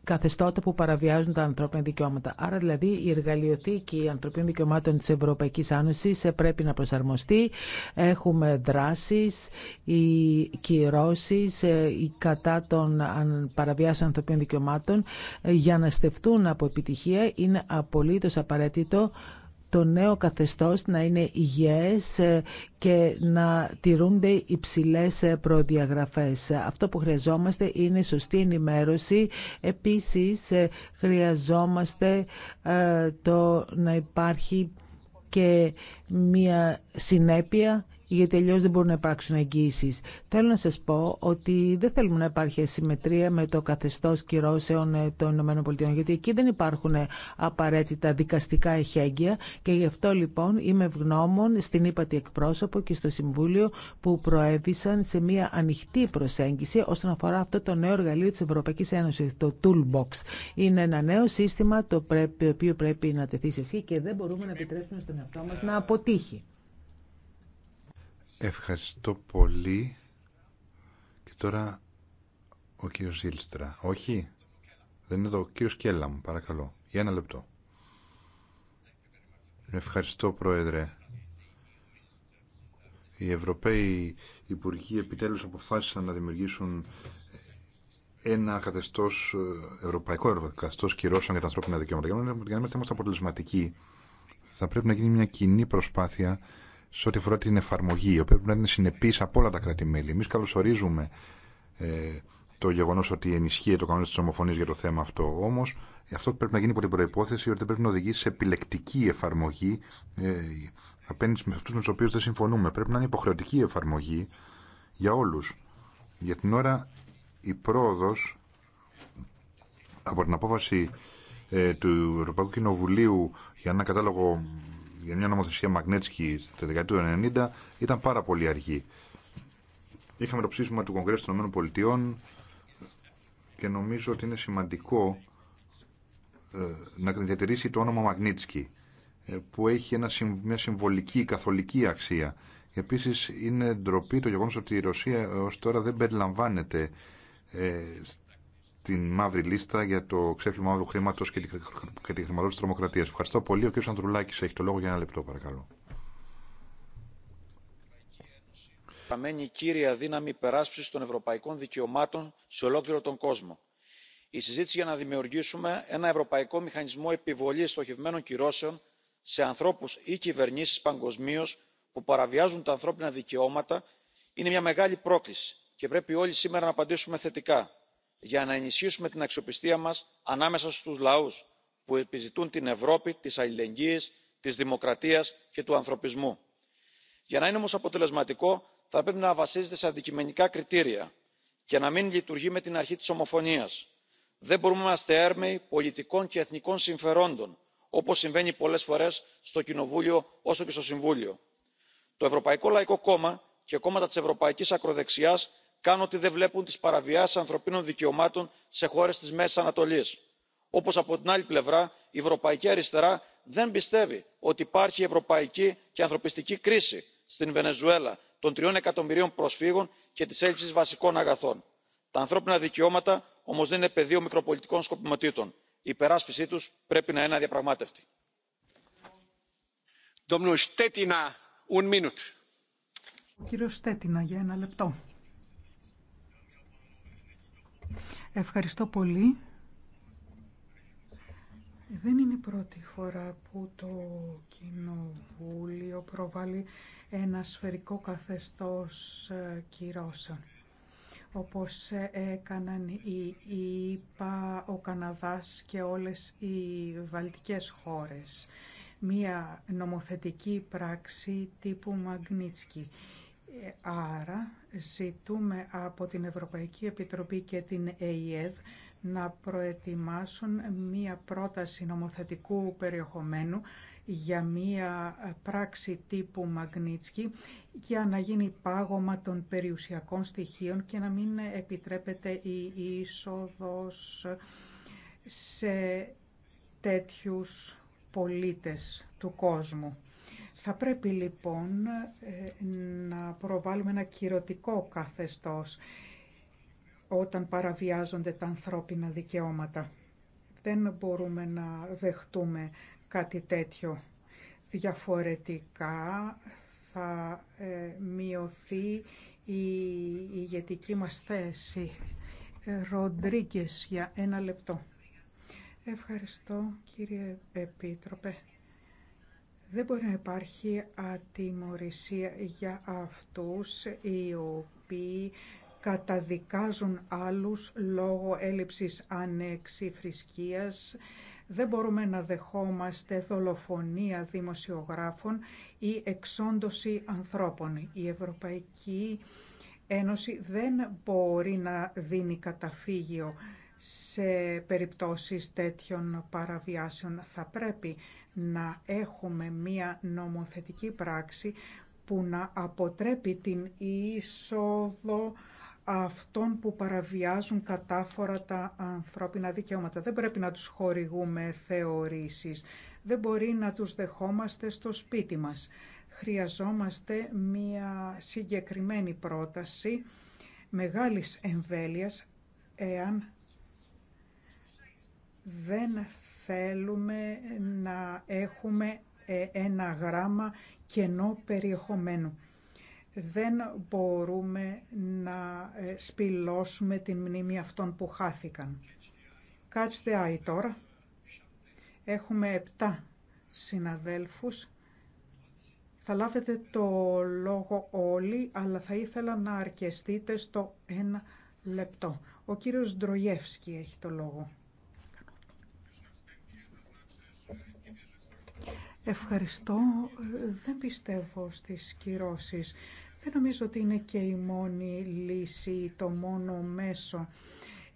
D: καθεστώτα που παραβιάζουν τα ανθρώπινα δικαιώματα. Άρα δηλαδή η εργαλειοθήκη ανθρωπίνων δικαιωμάτων της Ευρωπαϊκής Άνωσης πρέπει να προσαρμοστεί. Έχουμε δράσεις, οι κυρώσεις ε, οι κατά των παραβιάσεων ανθρωπίνων δικαιωμάτων ε, για να στεφτούν από επιτυχία είναι απολύτως απαραίτητο το νέο καθεστώς να είναι υγιές και να τηρούνται υψηλές προδιαγραφές. Αυτό που χρειαζόμαστε είναι σωστή ενημέρωση. Επίσης, χρειαζόμαστε ε, το να υπάρχει και μια συνέπεια γιατί αλλιώ δεν μπορούν να υπάρξουν εγγύησει. Θέλω να σα πω ότι δεν θέλουμε να υπάρχει συμμετρία με το καθεστώ κυρώσεων ε, των ΗΠΑ, γιατί εκεί δεν υπάρχουν ε, απαραίτητα δικαστικά εχέγγυα και γι' αυτό λοιπόν είμαι ευγνώμων στην ύπατη εκπρόσωπο και στο Συμβούλιο που προέβησαν σε μια ανοιχτή προσέγγιση όσον αφορά αυτό το νέο εργαλείο τη Ευρωπαϊκή Ένωση, το Toolbox. Είναι ένα νέο σύστημα το οποίο πρέπει να τεθεί σε και δεν μπορούμε να επιτρέψουμε στον εαυτό μα να αποτύχει.
B: Ευχαριστώ πολύ. Και τώρα ο κύριο ήλστρα. Όχι, δεν είναι εδώ. Ο Κέλλα μου, παρακαλώ. Για ένα λεπτό. Ευχαριστώ, Πρόεδρε. Οι Ευρωπαίοι Υπουργοί επιτέλους αποφάσισαν να δημιουργήσουν ένα καθεστώς, ε, ευρωπαϊκό καθεστώς κυρώσεων για τα ανθρώπινα δικαιώματα. Για να είμαστε αποτελεσματικοί, θα πρέπει να γίνει μια κοινή προσπάθεια σε ό,τι αφορά την εφαρμογή, η πρέπει να είναι συνεπή από όλα τα κράτη-μέλη. Εμεί καλωσορίζουμε ε, το γεγονό ότι ενισχύει το κανόνα τη ομοφωνία για το θέμα αυτό. Όμω, αυτό πρέπει να γίνει υπό την προπόθεση ότι πρέπει να οδηγήσει σε επιλεκτική εφαρμογή ε, απέναντι με αυτού με του οποίου δεν συμφωνούμε. Πρέπει να είναι υποχρεωτική η εφαρμογή για όλου. Για την ώρα, η πρόοδο από την απόφαση ε, του Ευρωπαϊκού Κοινοβουλίου για ένα κατάλογο για μια νομοθεσία Μαγνέτσκι στη δεκαετία του 1990 ήταν πάρα πολύ αργή. Είχαμε το ψήφισμα του Κογκρέσου των Πολιτειών και νομίζω ότι είναι σημαντικό ε, να διατηρήσει το όνομα Μαγνίτσκι ε, που έχει μια συμβολική καθολική αξία. Επίσης είναι ντροπή το γεγονός ότι η Ρωσία ως τώρα δεν περιλαμβάνεται ε, την μαύρη λίστα για το ξέφλυμα μαύρου χρήματο και τη χρηματοδότηση τη τρομοκρατία. Ευχαριστώ πολύ. Ο κ. Ανδρουλάκη έχει το λόγο για ένα λεπτό, παρακαλώ.
A: Παραμένει η κύρια δύναμη υπεράσπιση των ευρωπαϊκών δικαιωμάτων σε ολόκληρο τον κόσμο. Η συζήτηση για να δημιουργήσουμε ένα ευρωπαϊκό μηχανισμό επιβολή στοχευμένων κυρώσεων σε ανθρώπου ή κυβερνήσει παγκοσμίω που παραβιάζουν τα ανθρώπινα δικαιώματα είναι μια μεγάλη πρόκληση και πρέπει όλοι σήμερα να απαντήσουμε θετικά για να ενισχύσουμε την αξιοπιστία μας ανάμεσα στους λαούς που επιζητούν την ευρώπη της αλληλεγγύης της δημοκρατίας και του ανθρωπισμού. για να είναι όμως αποτελεσματικό θα πρέπει να βασίζεται σε αντικειμενικά κριτήρια και να μην λειτουργεί με την αρχή της ομοφωνίας. δεν μπορούμε να είμαστε έρμεοι πολιτικών και εθνικών συμφερόντων όπως συμβαίνει πολλές φορές στο κοινοβούλιο όσο και στο συμβούλιο. το ευρωπαϊκό λαϊκό κόμμα και κόμματα της ευρωπαϊκής ακροδεξιάς κάνουν ότι δεν βλέπουν τις παραβιάσεις ανθρωπίνων δικαιωμάτων σε χώρες της μέσης ανατολής όπως από την άλλη πλευρά η ευρωπαϊκή αριστερά δεν πιστεύει ότι υπάρχει ευρωπαϊκή και ανθρωπιστική κρίση στην βενεζουέλα των τριών εκατομμυρίων προσφύγων και της έλλειψης βασικών αγαθών. τα ανθρώπινα δικαιώματα όμως δεν είναι πεδίο μικροπολιτικών σκοπιμοτήτων. η υπεράσπιση τους πρέπει να είναι αδιαπραγμάτευτη.
C: Ευχαριστώ πολύ. Δεν είναι η πρώτη φορά που το Κοινοβούλιο προβάλλει ένα σφαιρικό καθεστώς ε, κυρώσεων. Όπως ε, έκαναν η ΙΠΑ, ο Καναδάς και όλες οι βαλτικές χώρες. Μία νομοθετική πράξη τύπου Μαγνίτσκι ε, άρα ζητούμε από την Ευρωπαϊκή Επιτροπή και την ΕΙΕΔ να προετοιμάσουν μία πρόταση νομοθετικού περιεχομένου για μία πράξη τύπου Μαγνίτσκι για να γίνει πάγωμα των περιουσιακών στοιχείων και να μην επιτρέπεται η είσοδος σε τέτοιους πολίτες του κόσμου. Θα πρέπει λοιπόν ε, να προβάλλουμε ένα κυρωτικό καθεστώς όταν παραβιάζονται τα ανθρώπινα δικαιώματα. Δεν μπορούμε να δεχτούμε κάτι τέτοιο. Διαφορετικά θα ε, μειωθεί η ηγετική μας θέση. Ε, Ροντρίγκες για ένα λεπτό. Ευχαριστώ κύριε Επίτροπε. Δεν μπορεί να υπάρχει ατιμορρησία για αυτούς οι οποίοι καταδικάζουν άλλους λόγω έλλειψης ανέξη Δεν μπορούμε να δεχόμαστε δολοφονία δημοσιογράφων ή εξόντωση ανθρώπων. Η Ευρωπαϊκή Ένωση δεν μπορεί να δίνει καταφύγιο σε περιπτώσεις τέτοιων παραβιάσεων. Θα πρέπει να έχουμε μία νομοθετική πράξη που να αποτρέπει την είσοδο αυτών που παραβιάζουν κατάφορα τα ανθρώπινα δικαιώματα. Δεν πρέπει να τους χορηγούμε θεωρήσεις. Δεν μπορεί να τους δεχόμαστε στο σπίτι μας. Χρειαζόμαστε μία συγκεκριμένη πρόταση μεγάλης εμβέλειας εάν δεν θέλουμε να έχουμε ε, ένα γράμμα κενό περιεχομένου. Δεν μπορούμε να ε, σπηλώσουμε την μνήμη αυτών που χάθηκαν. Κάτσετε άι τώρα. Έχουμε επτά συναδέλφους. Θα λάβετε το λόγο όλοι, αλλά θα ήθελα να αρκεστείτε στο ένα λεπτό. Ο κύριος Ντρογεύσκη έχει το λόγο. Ευχαριστώ. Δεν πιστεύω στις κυρώσεις. Δεν νομίζω ότι είναι και η μόνη λύση, το μόνο μέσο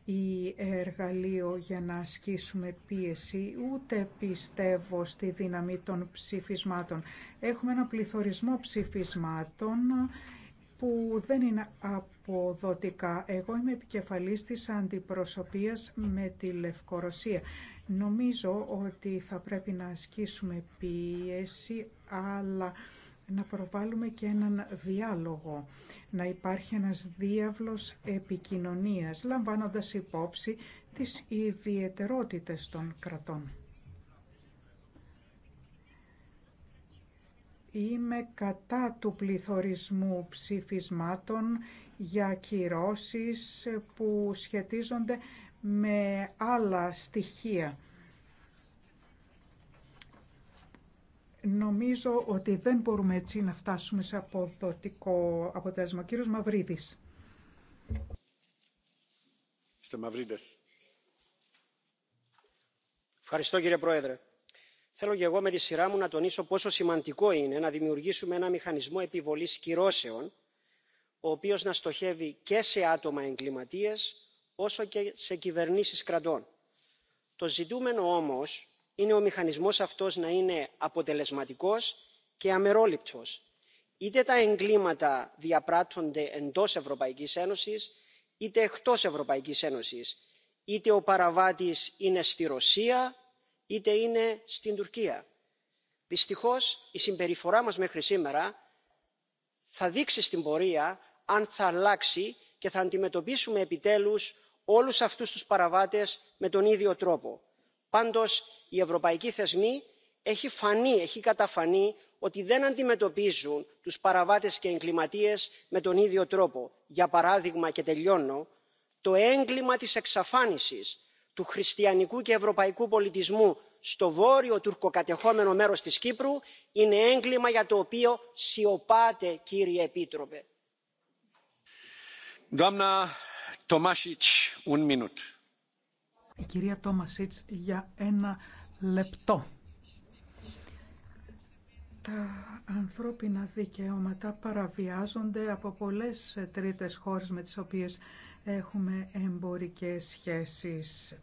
C: ή εργαλείο για να ασκήσουμε πίεση, ούτε πιστεύω στη δύναμη των ψηφισμάτων. Έχουμε ένα πληθωρισμό ψηφισμάτων που δεν είναι αποδοτικά. Εγώ είμαι επικεφαλής της αντιπροσωπείας με τη Λευκορωσία. Νομίζω ότι θα πρέπει να ασκήσουμε πίεση, αλλά να προβάλλουμε και έναν διάλογο, να υπάρχει ένας διάβλος επικοινωνίας, λαμβάνοντας υπόψη τις ιδιαιτερότητες των κρατών. Είμαι κατά του πληθωρισμού ψηφισμάτων για κυρώσεις που σχετίζονται με άλλα στοιχεία. Νομίζω ότι δεν μπορούμε έτσι να φτάσουμε σε αποδοτικό αποτέλεσμα. κύριος Μαυρίδης.
A: Είστε Μαυρίδες.
E: Ευχαριστώ κύριε Πρόεδρε θέλω και εγώ με τη σειρά μου να τονίσω πόσο σημαντικό είναι να δημιουργήσουμε ένα μηχανισμό επιβολής κυρώσεων ο οποίος να στοχεύει και σε άτομα εγκληματίες όσο και σε κυβερνήσεις κρατών. το ζητούμενο όμως είναι ο μηχανισμός αυτός να είναι αποτελεσματικός και αμερόληπτος. είτε τα εγκλήματα διαπράττονται εντός ευρωπαϊκής ένωσης είτε εκτός ευρωπαϊκής ένωσης είτε ο παραβάτης είναι στη ρωσία είτε είναι στην τουρκία. δυστυχώς η συμπεριφορά μας μέχρι σήμερα θα δείξει στην πορεία αν θα αλλάξει και θα αντιμετωπίσουμε επιτέλους όλους αυτούς τους παραβάτες με τον ίδιο τρόπο. πάντως οι ευρωπαϊκοί θεσμοί έχει φανεί έχει καταφανεί ότι δεν αντιμετωπίζουν τους παραβάτες και εγκληματίες με τον ίδιο τρόπο. για παράδειγμα και τελειώνω το έγκλημα της εξαφάνισης του χριστιανικού και ευρωπαϊκού πολιτισμού στο βόρειο τουρκοκατεχόμενο μέρος της κύπρου είναι έγκλημα για το οποίο σιωπάτε κύριε επίτροπε.
C: Κυρία Τόμασιτς, για ένα λεπτό. Τα ανθρώπινα δικαιώματα παραβιάζονται από πολλές τρίτες χώρες με τις οποίες έχουμε εμπορικές σχέσεις.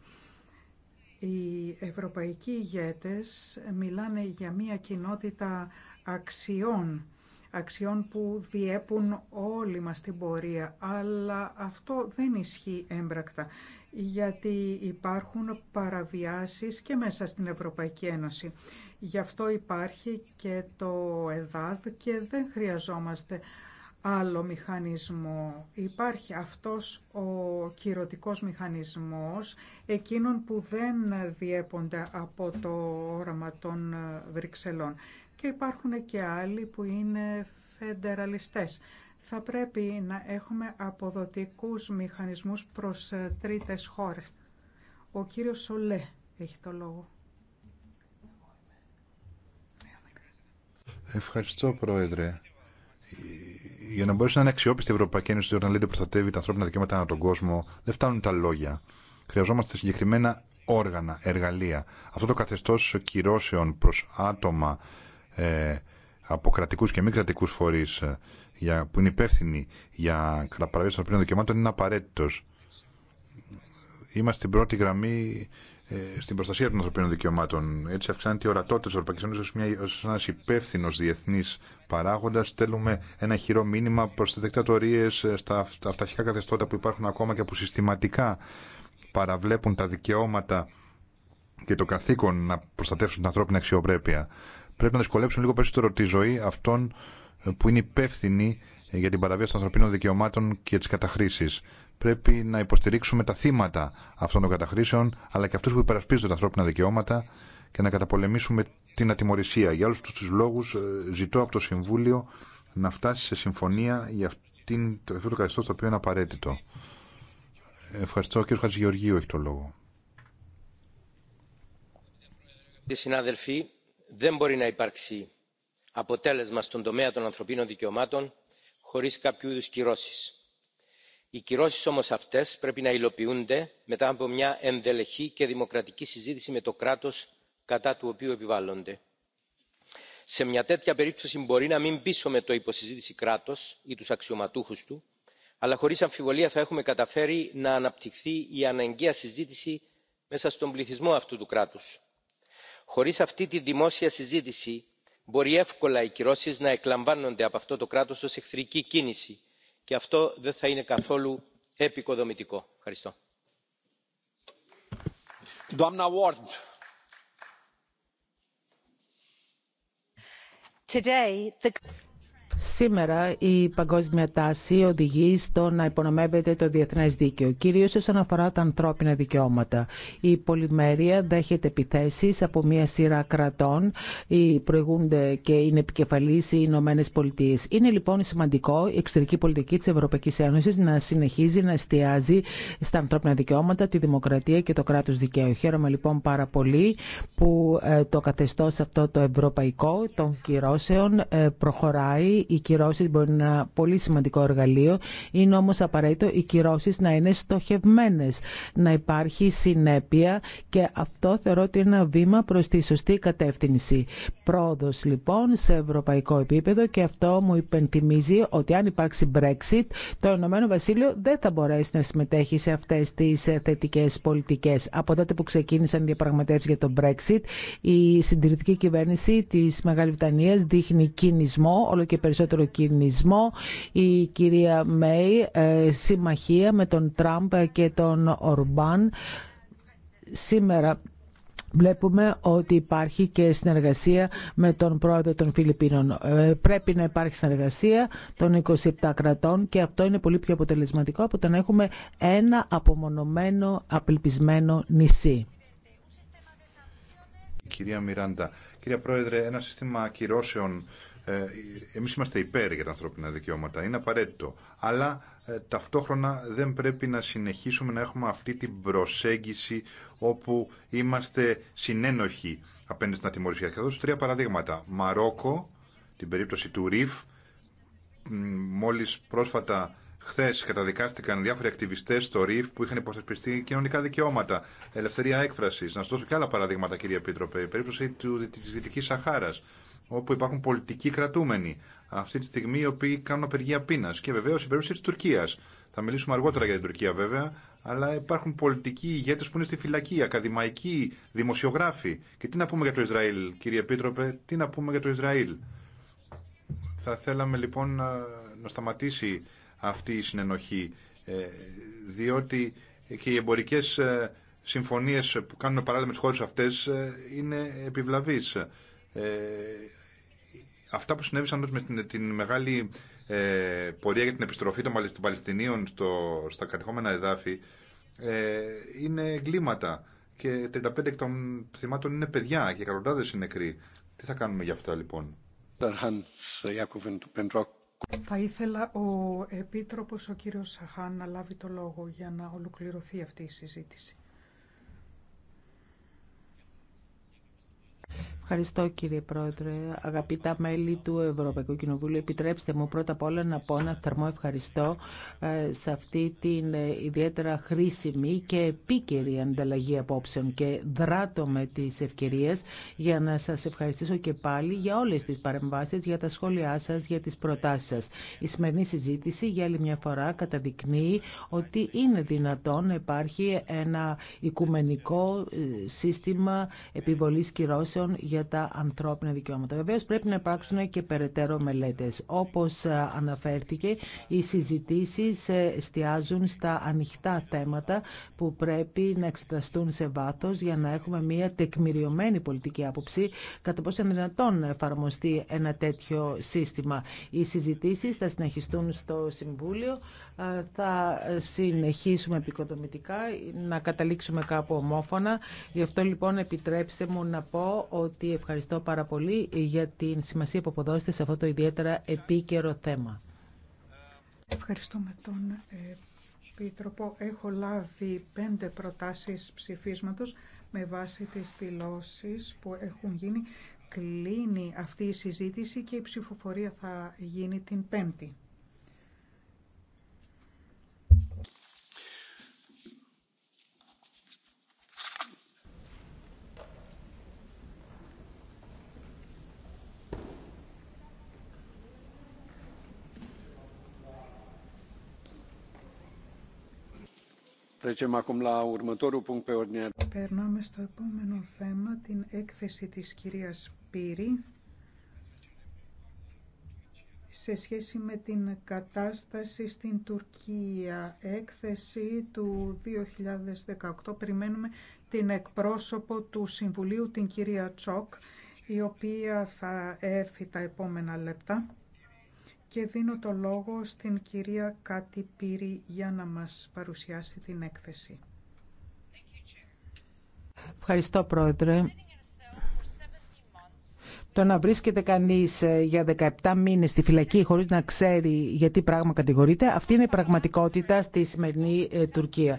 C: Οι ευρωπαϊκοί ηγέτες μιλάνε για μια κοινότητα αξιών, αξιών που διέπουν όλη μας την πορεία, αλλά αυτό δεν ισχύει έμπρακτα, γιατί υπάρχουν παραβιάσεις και μέσα στην Ευρωπαϊκή Ένωση. Γι' αυτό υπάρχει και το ΕΔΑΔ και δεν χρειαζόμαστε άλλο μηχανισμό. Υπάρχει αυτός ο κυρωτικός μηχανισμός εκείνων που δεν διέπονται από το όραμα των Βρυξελών. Και υπάρχουν και άλλοι που είναι φεντεραλιστές. Θα πρέπει να έχουμε αποδοτικούς μηχανισμούς προς τρίτες χώρες. Ο κύριος Σολέ έχει το λόγο.
B: Ευχαριστώ, Πρόεδρε για να μπορέσει να είναι αξιόπιστη η Ευρωπαϊκή Ένωση όταν λέτε προστατεύει τα ανθρώπινα δικαιώματα ανά τον κόσμο, δεν φτάνουν τα λόγια. Χρειαζόμαστε συγκεκριμένα όργανα, εργαλεία. Αυτό το καθεστώ κυρώσεων προ άτομα ε, από κρατικού και μη κρατικού φορεί ε, που είναι υπεύθυνοι για παραβίαση των ανθρωπίνων δικαιωμάτων είναι απαραίτητο. Είμαστε στην πρώτη γραμμή ε, στην προστασία των ανθρωπίνων δικαιωμάτων. Έτσι αυξάνεται η ορατότητα τη Ευρωπαϊκή Ένωση ω ένα υπεύθυνο διεθνή παράγοντα. Στέλνουμε ένα χειρό μήνυμα προ τι δικτατορίε, ε, στα αυταρχικά καθεστώτα που υπάρχουν ακόμα και που συστηματικά παραβλέπουν τα δικαιώματα και το καθήκον να προστατεύσουν την ανθρώπινη αξιοπρέπεια. Πρέπει να δυσκολέψουν λίγο περισσότερο τη ζωή αυτών ε, που είναι υπεύθυνοι για την παραβίαση των ανθρωπίνων δικαιωμάτων και τι καταχρήσει πρέπει να υποστηρίξουμε τα θύματα αυτών των καταχρήσεων, αλλά και αυτού που υπερασπίζονται τα ανθρώπινα δικαιώματα και να καταπολεμήσουμε την ατιμορρησία. Για όλου του λόγου, ε, ζητώ από το Συμβούλιο να φτάσει σε συμφωνία για αυτήν, αυτό το καθεστώ το οποίο είναι απαραίτητο. Ευχαριστώ. Ο κ. Χατζηγεωργίου έχει το λόγο.
E: Συνάδελφοι, δεν μπορεί να υπάρξει αποτέλεσμα στον τομέα των ανθρωπίνων δικαιωμάτων χωρίς κάποιου είδους κυρώσεις οι κυρώσει όμω αυτέ πρέπει να υλοποιούνται μετά από μια ενδελεχή και δημοκρατική συζήτηση με το κράτο κατά του οποίου επιβάλλονται. σε μια τέτοια περίπτωση μπορεί να μην πείσουμε το υποσυζήτηση κράτο ή του αξιωματούχου του αλλά χωρίς αμφιβολία θα έχουμε καταφέρει να αναπτυχθεί η αναγκαία συζήτηση μέσα στον πληθυσμό αυτού του κράτου. χωρί αυτή τη δημόσια συζήτηση μπορεί εύκολα οι κυρώσει να εκλαμβάνονται από αυτό το κράτο ω εχθρική κίνηση και αυτό δεν θα είναι καθόλου επικοδομητικό. ευχαριστώ.
D: Σήμερα η παγκόσμια τάση οδηγεί στο να υπονομεύεται το διεθνέ δίκαιο, κυρίω όσον αφορά τα ανθρώπινα δικαιώματα. Η πολυμέρεια δέχεται επιθέσει από μία σειρά κρατών, οι προηγούνται και είναι επικεφαλή οι Ηνωμένε Πολιτείε. Είναι λοιπόν σημαντικό η εξωτερική πολιτική τη Ευρωπαϊκή Ένωση να συνεχίζει να εστιάζει στα ανθρώπινα δικαιώματα, τη δημοκρατία και το κράτο δικαίου. Χαίρομαι λοιπόν πάρα πολύ που ε, το καθεστώ αυτό το ευρωπαϊκό των κυρώσεων ε, προχωράει οι κυρώσει μπορεί να είναι ένα πολύ σημαντικό εργαλείο. Είναι όμω απαραίτητο οι κυρώσει να είναι στοχευμένε, να υπάρχει συνέπεια και αυτό θεωρώ ότι είναι ένα βήμα προ τη σωστή κατεύθυνση. Πρόοδο λοιπόν σε ευρωπαϊκό επίπεδο και αυτό μου υπενθυμίζει ότι αν υπάρξει Brexit, το Ηνωμένο Βασίλειο δεν θα μπορέσει να συμμετέχει σε αυτέ τι ε, θετικέ πολιτικέ. Από τότε που ξεκίνησαν οι διαπραγματεύσει για το Brexit, η συντηρητική κυβέρνηση τη Μεγάλη Βρετανία δείχνει κινησμό, όλο και περισσότερο περισσότερο κινησμό. Η κυρία Μέη, ε, συμμαχία με τον Τραμπ και τον Ορμπάν. Σήμερα Βλέπουμε ότι υπάρχει και συνεργασία με τον πρόεδρο των Φιλιππίνων. Ε, πρέπει να υπάρχει συνεργασία των 27 κρατών και αυτό είναι πολύ πιο αποτελεσματικό από το να έχουμε ένα απομονωμένο, απελπισμένο νησί.
B: Κυρία Μιράντα, κυρία Πρόεδρε, ένα σύστημα ακυρώσεων ε, ε, εμείς είμαστε υπέρ για τα ανθρώπινα δικαιώματα, είναι απαραίτητο. Αλλά ε, ταυτόχρονα δεν πρέπει να συνεχίσουμε να έχουμε αυτή την προσέγγιση όπου είμαστε συνένοχοι απέναντι στην ατιμορρυσία. Θα δώσω τρία παραδείγματα. Μαρόκο, την περίπτωση του ΡΙΦ, μόλις πρόσφατα Χθε καταδικάστηκαν διάφοροι ακτιβιστέ στο ΡΙΦ που είχαν υποθεσπιστεί κοινωνικά δικαιώματα, ελευθερία έκφραση. Να σα δώσω και άλλα παραδείγματα, κύριε Επίτροπε. Η περίπτωση τη Δυτική Σαχάρα όπου υπάρχουν πολιτικοί κρατούμενοι αυτή τη στιγμή οι οποίοι κάνουν απεργία πείνα. Και βεβαίω η περίπτωση τη Τουρκία. Θα μιλήσουμε αργότερα για την Τουρκία βέβαια, αλλά υπάρχουν πολιτικοί ηγέτε που είναι στη φυλακή, ακαδημαϊκοί, δημοσιογράφοι. Και τι να πούμε για το Ισραήλ, κύριε Επίτροπε, τι να πούμε για το Ισραήλ. Θα θέλαμε λοιπόν να, σταματήσει αυτή η συνενοχή, ε, διότι και οι εμπορικέ ε, συμφωνίε που κάνουμε παράδειγμα με τι χώρε αυτέ ε, είναι επιβλαβεί αυτά που συνέβησαν με την, την μεγάλη ε, πορεία για την επιστροφή των Παλαιστινίων στο, στα κατεχόμενα εδάφη ε, είναι εγκλήματα και 35 εκ των θυμάτων είναι παιδιά και εκατοντάδες είναι νεκροί. Τι θα κάνουμε για αυτά λοιπόν.
C: Θα ήθελα ο Επίτροπος, ο κύριος Σαχάν, να λάβει το λόγο για να ολοκληρωθεί αυτή η συζήτηση.
D: Ευχαριστώ κύριε Πρόεδρε, αγαπητά μέλη του Ευρωπαϊκού Κοινοβούλου. Επιτρέψτε μου πρώτα απ' όλα να πω ένα θερμό ευχαριστώ ε, σε αυτή την ε, ιδιαίτερα χρήσιμη και επίκαιρη ανταλλαγή απόψεων και δράτω με τις ευκαιρίες για να σας ευχαριστήσω και πάλι για όλες τις παρεμβάσεις, για τα σχόλιά σας, για τις προτάσεις σας. Η σημερινή συζήτηση για άλλη μια φορά καταδεικνύει ότι είναι δυνατόν να υπάρχει ένα οικουμενικό ε, σύστημα επιβολής κυρώσεων για τα ανθρώπινα δικαιώματα. Βεβαίω πρέπει να υπάρξουν και περαιτέρω μελέτε. Όπω ε, αναφέρθηκε, οι συζητήσει ε, εστιάζουν στα ανοιχτά θέματα που πρέπει να εξεταστούν σε βάθο για να έχουμε μια τεκμηριωμένη πολιτική άποψη κατά πόσο είναι δυνατόν να εφαρμοστεί ένα τέτοιο σύστημα. Οι συζητήσει θα συνεχιστούν στο Συμβούλιο. Ε, θα συνεχίσουμε επικοδομητικά να καταλήξουμε κάπου ομόφωνα. Γι' αυτό λοιπόν επιτρέψτε μου να πω ότι ευχαριστώ πάρα πολύ για την σημασία που αποδώσετε σε αυτό το ιδιαίτερα επίκαιρο θέμα.
C: με τον ε, πίτροπο. Έχω λάβει πέντε προτάσεις ψηφίσματος με βάση τις δηλώσει που έχουν γίνει. Κλείνει αυτή η συζήτηση και η ψηφοφορία θα γίνει την Πέμπτη. Περνάμε στο επόμενο θέμα, την έκθεση της κυρίας Πύρη σε σχέση με την κατάσταση στην Τουρκία. Έκθεση του 2018. Περιμένουμε την εκπρόσωπο του Συμβουλίου, την κυρία Τσόκ, η οποία θα έρθει τα επόμενα λεπτά και δίνω το λόγο στην κυρία Κάτι Πύρη για να μας παρουσιάσει την έκθεση.
D: Ευχαριστώ, Πρόεδρε. Το να βρίσκεται κανείς ε, για 17 μήνες στη φυλακή χωρίς να ξέρει τι πράγμα κατηγορείται, αυτή είναι η πραγματικότητα στη σημερινή ε, Τουρκία.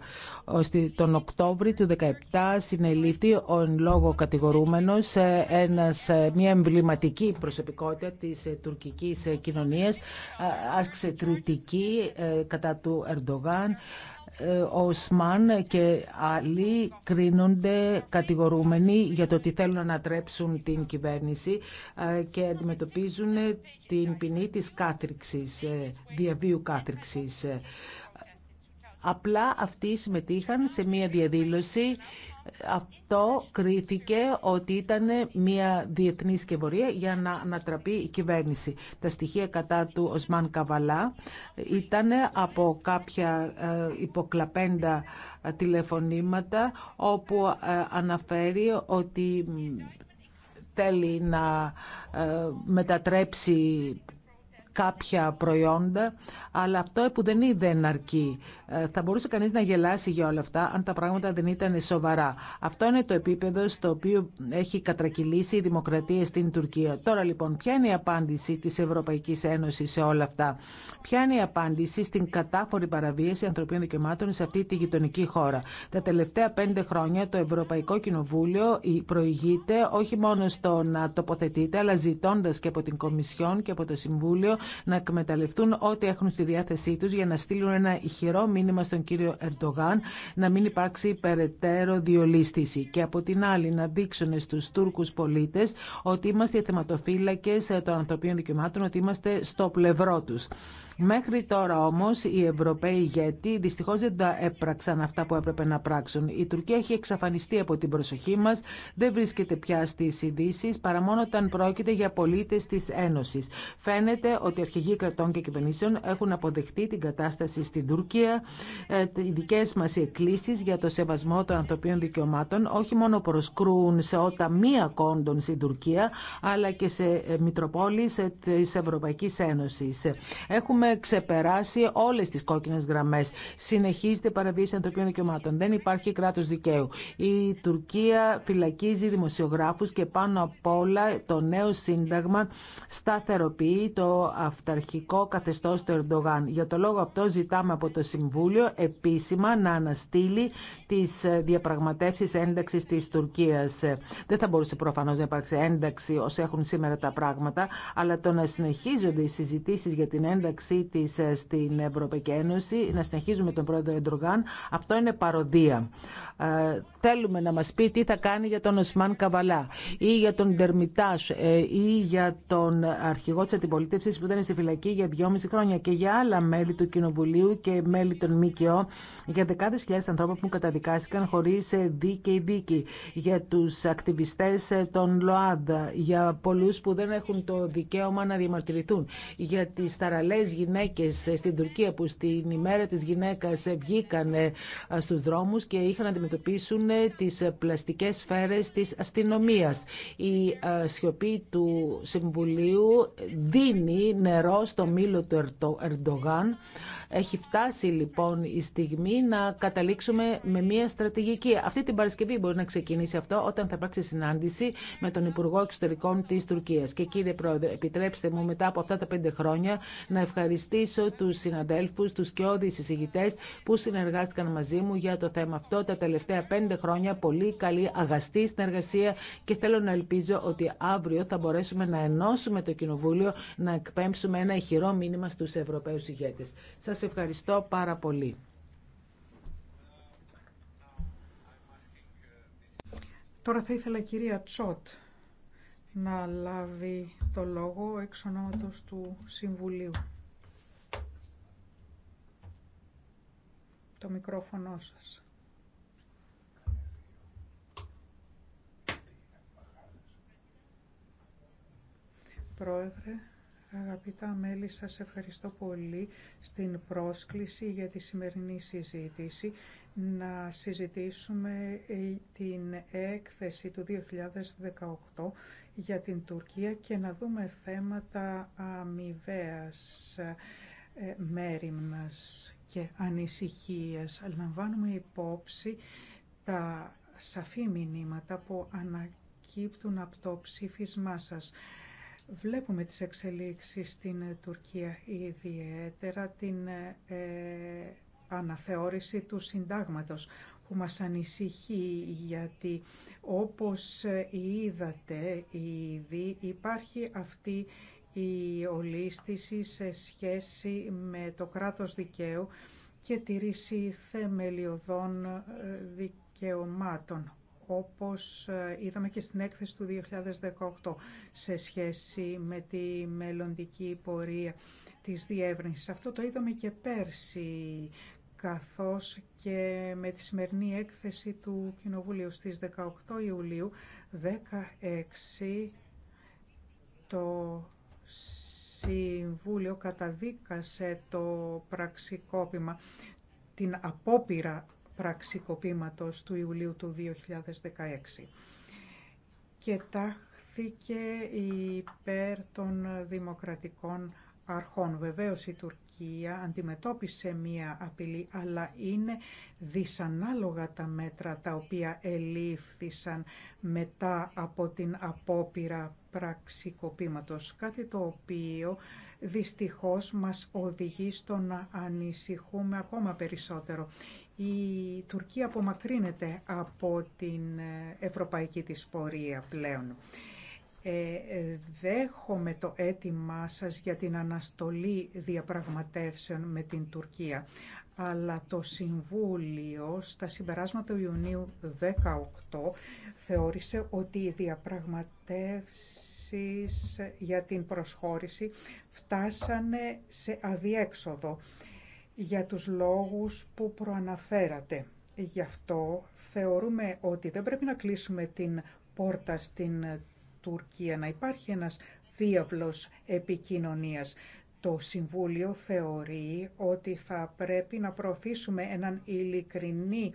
D: Τον Οκτώβρη του 2017 συνελήφθη ο λόγο λόγω κατηγορούμενος ε, ένας, μια εμβληματική προσωπικότητα της τουρκικής κοινωνίας, άσκησε κριτική κατά του Ερντογάν, ε, ο ΣΜΑΝ και άλλοι κρίνονται κατηγορούμενοι για το ότι θέλουν να ανατρέψουν την κυβέρνηση ε, και αντιμετωπίζουν την ποινή της κάθριξης, ε, διαβίου κάθριξης. Απλά αυτοί συμμετείχαν σε μία διαδήλωση αυτό κρίθηκε ότι ήταν μια διεθνή σκευωρία για να ανατραπεί η κυβέρνηση. Τα στοιχεία κατά του Οσμάν Καβαλά ήταν από κάποια ε, υποκλαπέντα τηλεφωνήματα όπου ε, αναφέρει ότι θέλει να ε, μετατρέψει κάποια προϊόντα, αλλά αυτό που δεν είναι δεν αρκεί. Ε, θα μπορούσε κανείς να γελάσει για όλα αυτά αν τα πράγματα δεν ήταν σοβαρά. Αυτό είναι το επίπεδο στο οποίο έχει κατρακυλήσει η δημοκρατία στην Τουρκία. Τώρα λοιπόν, ποια είναι η απάντηση της Ευρωπαϊκής Ένωσης σε όλα αυτά. Ποια είναι η απάντηση στην κατάφορη παραβίαση ανθρωπίνων δικαιωμάτων σε αυτή τη γειτονική χώρα. Τα τελευταία πέντε χρόνια το Ευρωπαϊκό Κοινοβούλιο προηγείται όχι μόνο στο να τοποθετείται, αλλά ζητώντα και από την Κομισιόν και από το Συμβούλιο να εκμεταλλευτούν ό,τι έχουν στη διάθεσή τους για να στείλουν ένα ηχηρό μήνυμα στον κύριο Ερντογάν να μην υπάρξει περαιτέρω διολίστηση και από την άλλη να δείξουν στους Τούρκους πολίτες ότι είμαστε θεματοφύλακες των ανθρωπίνων δικαιωμάτων, ότι είμαστε στο πλευρό τους. Μέχρι τώρα όμω οι Ευρωπαίοι ηγέτη δυστυχώ δεν τα έπραξαν αυτά που έπρεπε να πράξουν. Η Τουρκία έχει εξαφανιστεί από την προσοχή μα, δεν βρίσκεται πια στι ειδήσει παρά μόνο όταν πρόκειται για πολίτε τη Ένωση. Φαίνεται ότι οι αρχηγοί κρατών και κυβερνήσεων έχουν αποδεχτεί την κατάσταση στην Τουρκία, ε, οι δικέ μα εκκλήσει για το σεβασμό των ανθρωπίνων δικαιωμάτων όχι μόνο προσκρούν σε ότα μία κόντων στην Τουρκία, αλλά και σε ε, Μητροπόλεις ε, τη Ευρωπαϊκή Ένωση. Έχουμε έχουμε ξεπεράσει όλες τις κόκκινες γραμμές. Συνεχίζεται η παραβίαση ανθρωπίνων δικαιωμάτων. Δεν υπάρχει κράτος δικαίου. Η Τουρκία φυλακίζει δημοσιογράφους και πάνω απ' όλα το νέο σύνταγμα σταθεροποιεί το αυταρχικό καθεστώς του Ερντογάν. Για το λόγο αυτό ζητάμε από το Συμβούλιο επίσημα να αναστείλει τις διαπραγματεύσεις ένταξης της Τουρκίας. Δεν θα μπορούσε προφανώς να υπάρξει ένταξη ως έχουν σήμερα τα πράγματα, αλλά το να συνεχίζονται οι συζητήσεις για την ένταξη μεταξύ στην Ευρωπαϊκή Ένωση, να συνεχίζουμε τον πρόεδρο Εντρογάν, αυτό είναι παροδία. Ε, θέλουμε να μα πει τι θα κάνει για τον Οσμάν Καβαλά ή για τον Ντερμιτάς ε, ή για τον αρχηγό τη αντιπολίτευση που ήταν στη φυλακή για δυόμιση χρόνια και για άλλα μέλη του Κοινοβουλίου και μέλη των ΜΚΟ για δεκάδε χιλιάδε ανθρώπων που καταδικάστηκαν χωρί ε, δίκαιη δίκη για του ακτιβιστέ ε, των ΛΟΑΔ, για πολλού που δεν έχουν το δικαίωμα να διαμαρτυρηθούν, για τις στην Τουρκία που στην ημέρα της γυναίκας βγήκαν στους δρόμους και είχαν να αντιμετωπίσουν τις πλαστικές σφαίρες της αστυνομία. Η σιωπή του Συμβουλίου δίνει νερό στο μήλο του Ερντογάν. Έχει φτάσει λοιπόν η στιγμή να καταλήξουμε με μια στρατηγική. Αυτή την Παρασκευή μπορεί να ξεκινήσει αυτό όταν θα υπάρξει συνάντηση με τον Υπουργό Εξωτερικών της Τουρκίας. Και κύριε Πρόεδρε, επιτρέψτε μου μετά από αυτά τα πέντε χρόνια να ευχαριστήσω ευχαριστήσω τους συναδέλφους, τους σκιώδεις συζητητέ που συνεργάστηκαν μαζί μου για το θέμα αυτό τα τελευταία πέντε χρόνια. Πολύ καλή αγαστή συνεργασία και θέλω να ελπίζω ότι αύριο θα μπορέσουμε να ενώσουμε το Κοινοβούλιο να εκπέμψουμε ένα ηχηρό μήνυμα στους Ευρωπαίου ηγέτε. Σας ευχαριστώ πάρα πολύ. Τώρα θα ήθελα η κυρία Τσότ
C: να λάβει το λόγο εξ του Συμβουλίου. το μικρόφωνο σας. Πρόεδρε, αγαπητά μέλη, σας ευχαριστώ πολύ στην πρόσκληση για τη σημερινή συζήτηση να συζητήσουμε ε, την έκθεση του 2018 για την Τουρκία και να δούμε θέματα αμοιβαίας ε, μέρημνας και ανησυχίες. Λαμβάνουμε υπόψη τα σαφή μηνύματα που ανακύπτουν από το ψήφισμά Βλέπουμε τις εξελίξεις στην Τουρκία, ιδιαίτερα την ε, αναθεώρηση του συντάγματος που μας ανησυχεί γιατί όπως ε, είδατε ήδη υπάρχει αυτή η ολίσθηση σε σχέση με το κράτος δικαίου και τη ρίση θεμελιωδών ε, δικαιωμάτων όπως ε, είδαμε και στην έκθεση του 2018 σε σχέση με τη μελλοντική πορεία της διεύρυνσης. Αυτό το είδαμε και πέρσι καθώς και με τη σημερινή έκθεση του Κοινοβουλίου στις 18 Ιουλίου 16 το Συμβούλιο καταδίκασε το πραξικόπημα, την απόπειρα πραξικοπήματος του Ιουλίου του 2016 και τάχθηκε υπέρ των δημοκρατικών αρχών. Βεβαίως η Τουρκία Τουρκία αντιμετώπισε μία απειλή, αλλά είναι δυσανάλογα τα μέτρα τα οποία ελήφθησαν μετά από την απόπειρα πραξικοπήματος, κάτι το οποίο δυστυχώς μας οδηγεί στο να ανησυχούμε ακόμα περισσότερο. Η Τουρκία απομακρύνεται από την ευρωπαϊκή της πορεία πλέον. Ε, ε, δέχομαι το αίτημά σας για την αναστολή διαπραγματεύσεων με την Τουρκία, αλλά το Συμβούλιο στα συμπεράσματα του Ιουνίου 18 θεώρησε ότι οι διαπραγματεύσεις για την προσχώρηση φτάσανε σε αδιέξοδο για τους λόγους που προαναφέρατε. Γι' αυτό θεωρούμε ότι δεν πρέπει να κλείσουμε την πόρτα στην Τουρκία, να υπάρχει ένας διάβλος επικοινωνίας. Το Συμβούλιο θεωρεί ότι θα πρέπει να προωθήσουμε έναν ειλικρινή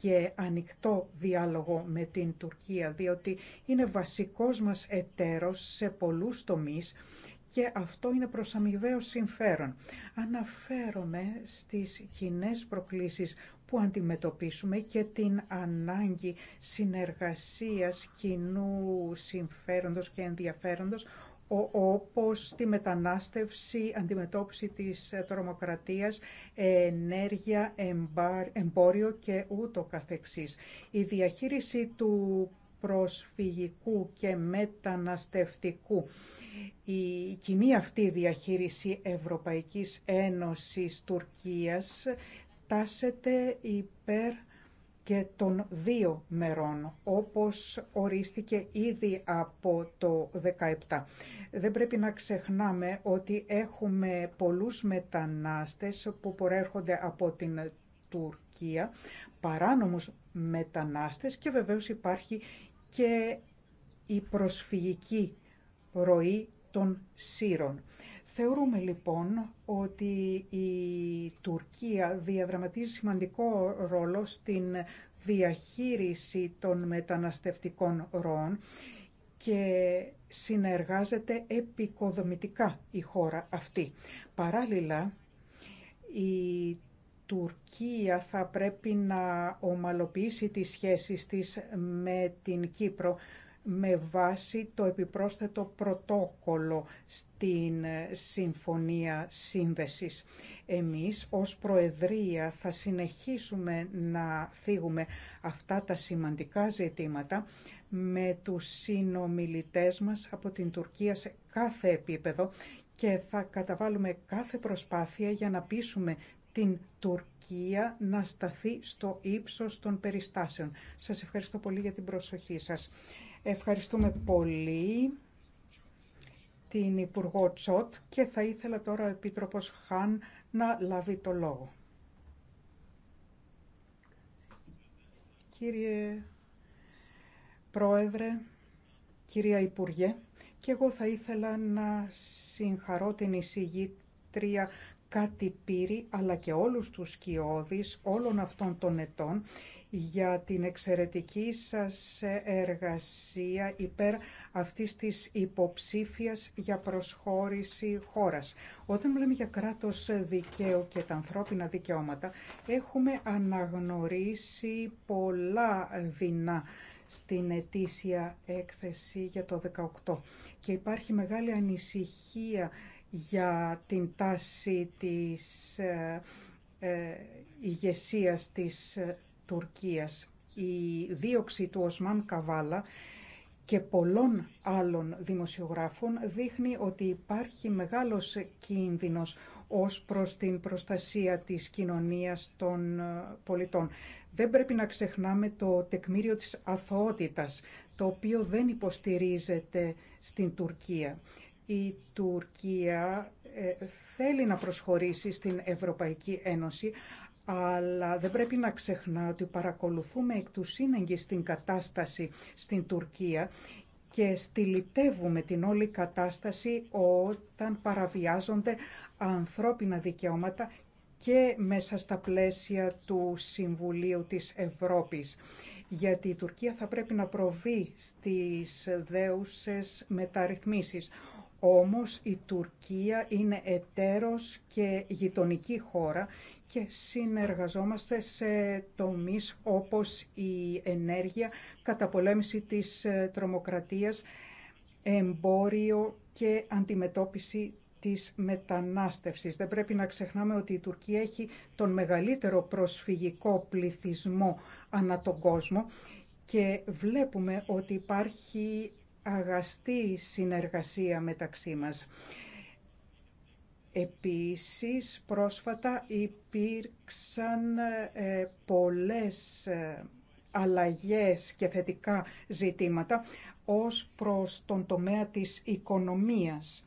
C: και ανοιχτό διάλογο με την Τουρκία, διότι είναι βασικός μας εταίρος σε πολλούς τομείς και αυτό είναι προς αμοιβαίο συμφέρον. Αναφέρομαι στις κοινέ προκλήσεις που αντιμετωπίσουμε και την ανάγκη συνεργασίας κοινού συμφέροντος και ενδιαφέροντος όπως τη μετανάστευση, αντιμετώπιση της τρομοκρατίας, ενέργεια, εμπόριο και ούτω καθεξής. Η διαχείριση του προσφυγικού και μεταναστευτικού. Η κοινή αυτή διαχείριση Ευρωπαϊκής Ένωσης Τουρκίας τάσεται υπέρ και των δύο μερών, όπως ορίστηκε ήδη από το 17. Δεν πρέπει να ξεχνάμε ότι έχουμε πολλούς μετανάστες που προέρχονται από την Τουρκία, παράνομους μετανάστες και βεβαίως υπάρχει και η προσφυγική ροή των Σύρων. Θεωρούμε λοιπόν ότι η Τουρκία διαδραματίζει σημαντικό ρόλο στην διαχείριση των μεταναστευτικών ροών και συνεργάζεται επικοδομητικά η χώρα αυτή. Παράλληλα, η Τουρκία θα πρέπει να ομαλοποιήσει τις σχέσεις της με την Κύπρο με βάση το επιπρόσθετο πρωτόκολλο στην ε, Συμφωνία Σύνδεσης. Εμείς ως Προεδρία θα συνεχίσουμε να θίγουμε αυτά τα σημαντικά ζητήματα με τους συνομιλητές μας από την Τουρκία σε κάθε επίπεδο και θα καταβάλουμε κάθε προσπάθεια για να πείσουμε την Τουρκία να σταθεί στο ύψος των περιστάσεων. Σας ευχαριστώ πολύ για την προσοχή σας. Ευχαριστούμε πολύ την Υπουργό Τσότ και θα ήθελα τώρα ο Επίτροπος Χάν να λάβει το λόγο. Κύριε Πρόεδρε, κυρία Υπουργέ, και εγώ θα ήθελα να συγχαρώ την εισηγήτρια Κάτι πύρη, αλλά και όλους τους σκιώδεις όλων αυτών των ετών για την εξαιρετική σας εργασία υπέρ αυτής της υποψήφιας για προσχώρηση χώρας. Όταν μιλάμε για κράτος δικαίου και τα ανθρώπινα δικαιώματα, έχουμε αναγνωρίσει πολλά δεινά στην ετήσια έκθεση για το 18 και υπάρχει μεγάλη ανησυχία για την τάση της ε, ε ηγεσίας της Τουρκίας. Η δίωξη του Οσμάν Καβάλα και πολλών άλλων δημοσιογράφων δείχνει ότι υπάρχει μεγάλος κίνδυνος ως προς την προστασία της κοινωνίας των ε, πολιτών. Δεν πρέπει να ξεχνάμε το τεκμήριο της αθωότητας, το οποίο δεν υποστηρίζεται στην Τουρκία. Η Τουρκία ε, θέλει να προσχωρήσει στην Ευρωπαϊκή Ένωση, αλλά δεν πρέπει να ξεχνά ότι παρακολουθούμε εκ του σύνεγγυ στην κατάσταση στην Τουρκία και στυλιτεύουμε την όλη κατάσταση όταν παραβιάζονται ανθρώπινα δικαιώματα και μέσα στα πλαίσια του Συμβουλίου της Ευρώπης. Γιατί η Τουρκία θα πρέπει να προβεί στις δέουσες μεταρρυθμίσεις. Όμως η Τουρκία είναι εταίρος και γειτονική χώρα και συνεργαζόμαστε σε τομείς όπως η ενέργεια, καταπολέμηση της ε, τρομοκρατίας, εμπόριο και αντιμετώπιση της μετανάστευσης. Δεν πρέπει να ξεχνάμε ότι η Τουρκία έχει τον μεγαλύτερο προσφυγικό πληθυσμό ανά τον κόσμο και βλέπουμε ότι υπάρχει αγαστή συνεργασία μεταξύ μας. Επίσης, πρόσφατα υπήρξαν ε, πολλές ε, αλλαγές και θετικά ζητήματα ως προς τον τομέα της οικονομίας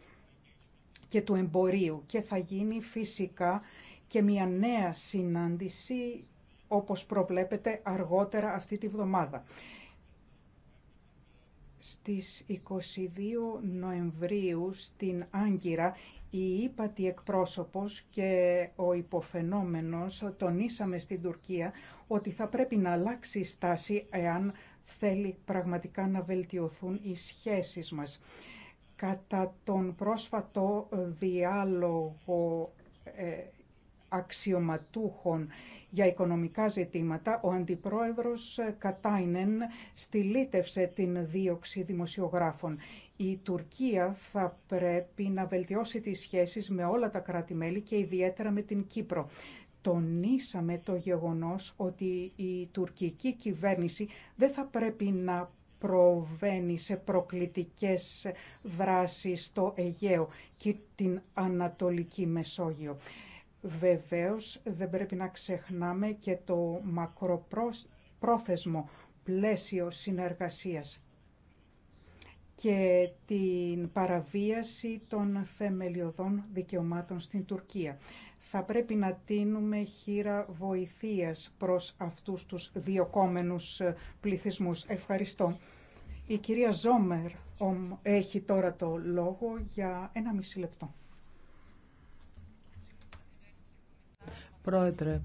C: και του εμπορίου και θα γίνει φυσικά και μια νέα συνάντηση όπως προβλέπετε αργότερα αυτή τη βδομάδα. Στις 22 Νοεμβρίου στην Άγκυρα η ύπατη εκπρόσωπος και ο υποφαινόμενος τονίσαμε στην Τουρκία ότι θα πρέπει να αλλάξει στάση εάν θέλει πραγματικά να βελτιωθούν οι σχέσεις μας. Κατά τον πρόσφατο διάλογο ε, αξιωματούχων για οικονομικά ζητήματα, ο αντιπρόεδρος ε, Κατάινεν στηλίτευσε την δίωξη δημοσιογράφων. Η Τουρκία θα πρέπει να βελτιώσει τις σχέσεις με όλα τα κράτη-μέλη και ιδιαίτερα με την Κύπρο. Τονίσαμε το γεγονός ότι η τουρκική κυβέρνηση δεν θα πρέπει να προβαίνει σε προκλητικές δράσεις στο Αιγαίο και την Ανατολική Μεσόγειο. Βεβαίως δεν πρέπει να ξεχνάμε και το μακροπρόθεσμο πλαίσιο συνεργασίας και την παραβίαση των θεμελιωδών δικαιωμάτων στην Τουρκία. Θα πρέπει να τίνουμε χείρα βοηθείας προς αυτούς τους διοκόμενους ε, πληθυσμούς. Ευχαριστώ. Η κυρία Ζόμερ έχει τώρα το λόγο για ένα μισή λεπτό.
D: Πρόεδρε.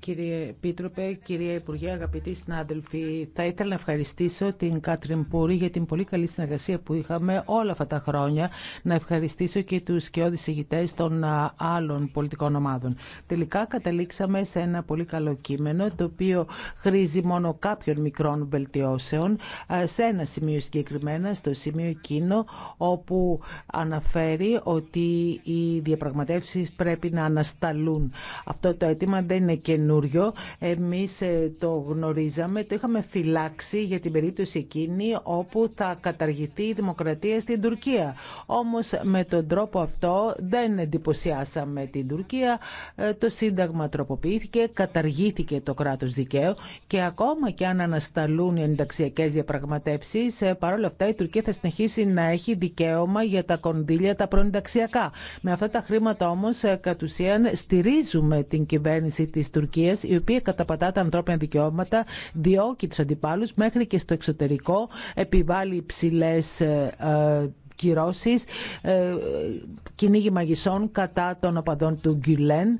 D: Κύριε Πίτροπε, κύριε Υπουργέ, αγαπητοί συνάδελφοι, θα ήθελα να ευχαριστήσω την Κάτριν Πούρη για την πολύ καλή συνεργασία που είχαμε όλα αυτά τα χρόνια. Να ευχαριστήσω και του σκιώδη ηγητέ των άλλων πολιτικών ομάδων. Τελικά καταλήξαμε σε ένα πολύ καλό κείμενο, το οποίο χρήζει μόνο κάποιων μικρών βελτιώσεων σε ένα σημείο συγκεκριμένα, στο σημείο εκείνο, όπου αναφέρει ότι οι διαπραγματεύσει πρέπει να ανασταλούν. Αυτό το αίτημα δεν είναι καινούργιο καινούριο. Εμείς ε, το γνωρίζαμε, το είχαμε φυλάξει για την περίπτωση εκείνη όπου θα καταργηθεί η δημοκρατία στην Τουρκία. Όμω με τον τρόπο αυτό δεν εντυπωσιάσαμε την Τουρκία. Ε, το Σύνταγμα τροποποιήθηκε, καταργήθηκε το κράτο δικαίου και ακόμα και αν ανασταλούν οι ενταξιακές διαπραγματεύσεις, ε, παρόλα αυτά η Τουρκία θα συνεχίσει να έχει δικαίωμα για τα κονδύλια τα προενταξιακά. Με αυτά τα χρήματα όμως κατ' ουσίαν στηρίζουμε την κυβέρνηση τη Τουρκία. Τουρκία, η οποία καταπατά τα ανθρώπινα δικαιώματα, διώκει του αντιπάλου μέχρι και στο εξωτερικό, επιβάλλει υψηλέ ε, ε, κυρώσει, ε, κυνήγι μαγισσών κατά των οπαδών του Γκυλέν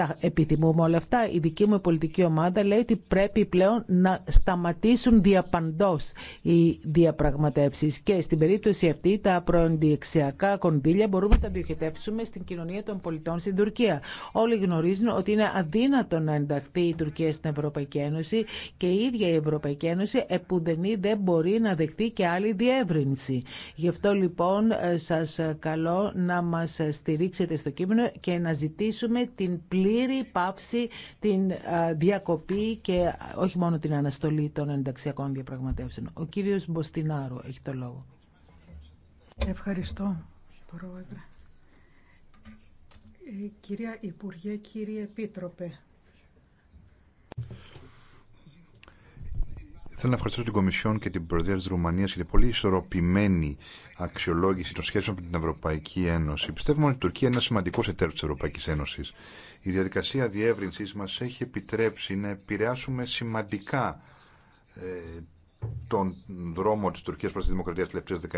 D: τα επιθυμούμε όλα αυτά. Η δική μου πολιτική ομάδα λέει ότι πρέπει πλέον να σταματήσουν διαπαντός οι διαπραγματεύσεις και στην περίπτωση αυτή τα προεντιεξιακά κονδύλια μπορούμε να τα διοχετεύσουμε στην κοινωνία των πολιτών στην Τουρκία. Όλοι γνωρίζουν ότι είναι αδύνατο να ενταχθεί η Τουρκία στην Ευρωπαϊκή Ένωση και η ίδια η Ευρωπαϊκή Ένωση επουδενή δεν μπορεί να δεχτεί και άλλη διεύρυνση. Γι' αυτό λοιπόν σας καλώ να μας στηρίξετε στο κείμενο και να ζητήσουμε την πλήρη πλήρη πάυση, την διακοπή και όχι μόνο την αναστολή των ενταξιακών διαπραγματεύσεων. Ο κύριος Μποστινάρου έχει το λόγο. Ευχαριστώ,
C: Πρόεδρε. Ε, κυρία Υπουργέ, κύριε Επίτροπε,
B: Θέλω να ευχαριστήσω την Κομισιόν και την Προεδρία τη Ρουμανία για την πολύ ισορροπημένη αξιολόγηση των σχέσεων με την Ευρωπαϊκή Ένωση. Πιστεύουμε ότι η Τουρκία είναι ένα σημαντικό εταίρο τη Ευρωπαϊκή Ένωση. Η διαδικασία διεύρυνση μα έχει επιτρέψει να επηρεάσουμε σημαντικά ε, τον δρόμο τη Τουρκία προ τη δημοκρατία τι τελευταίε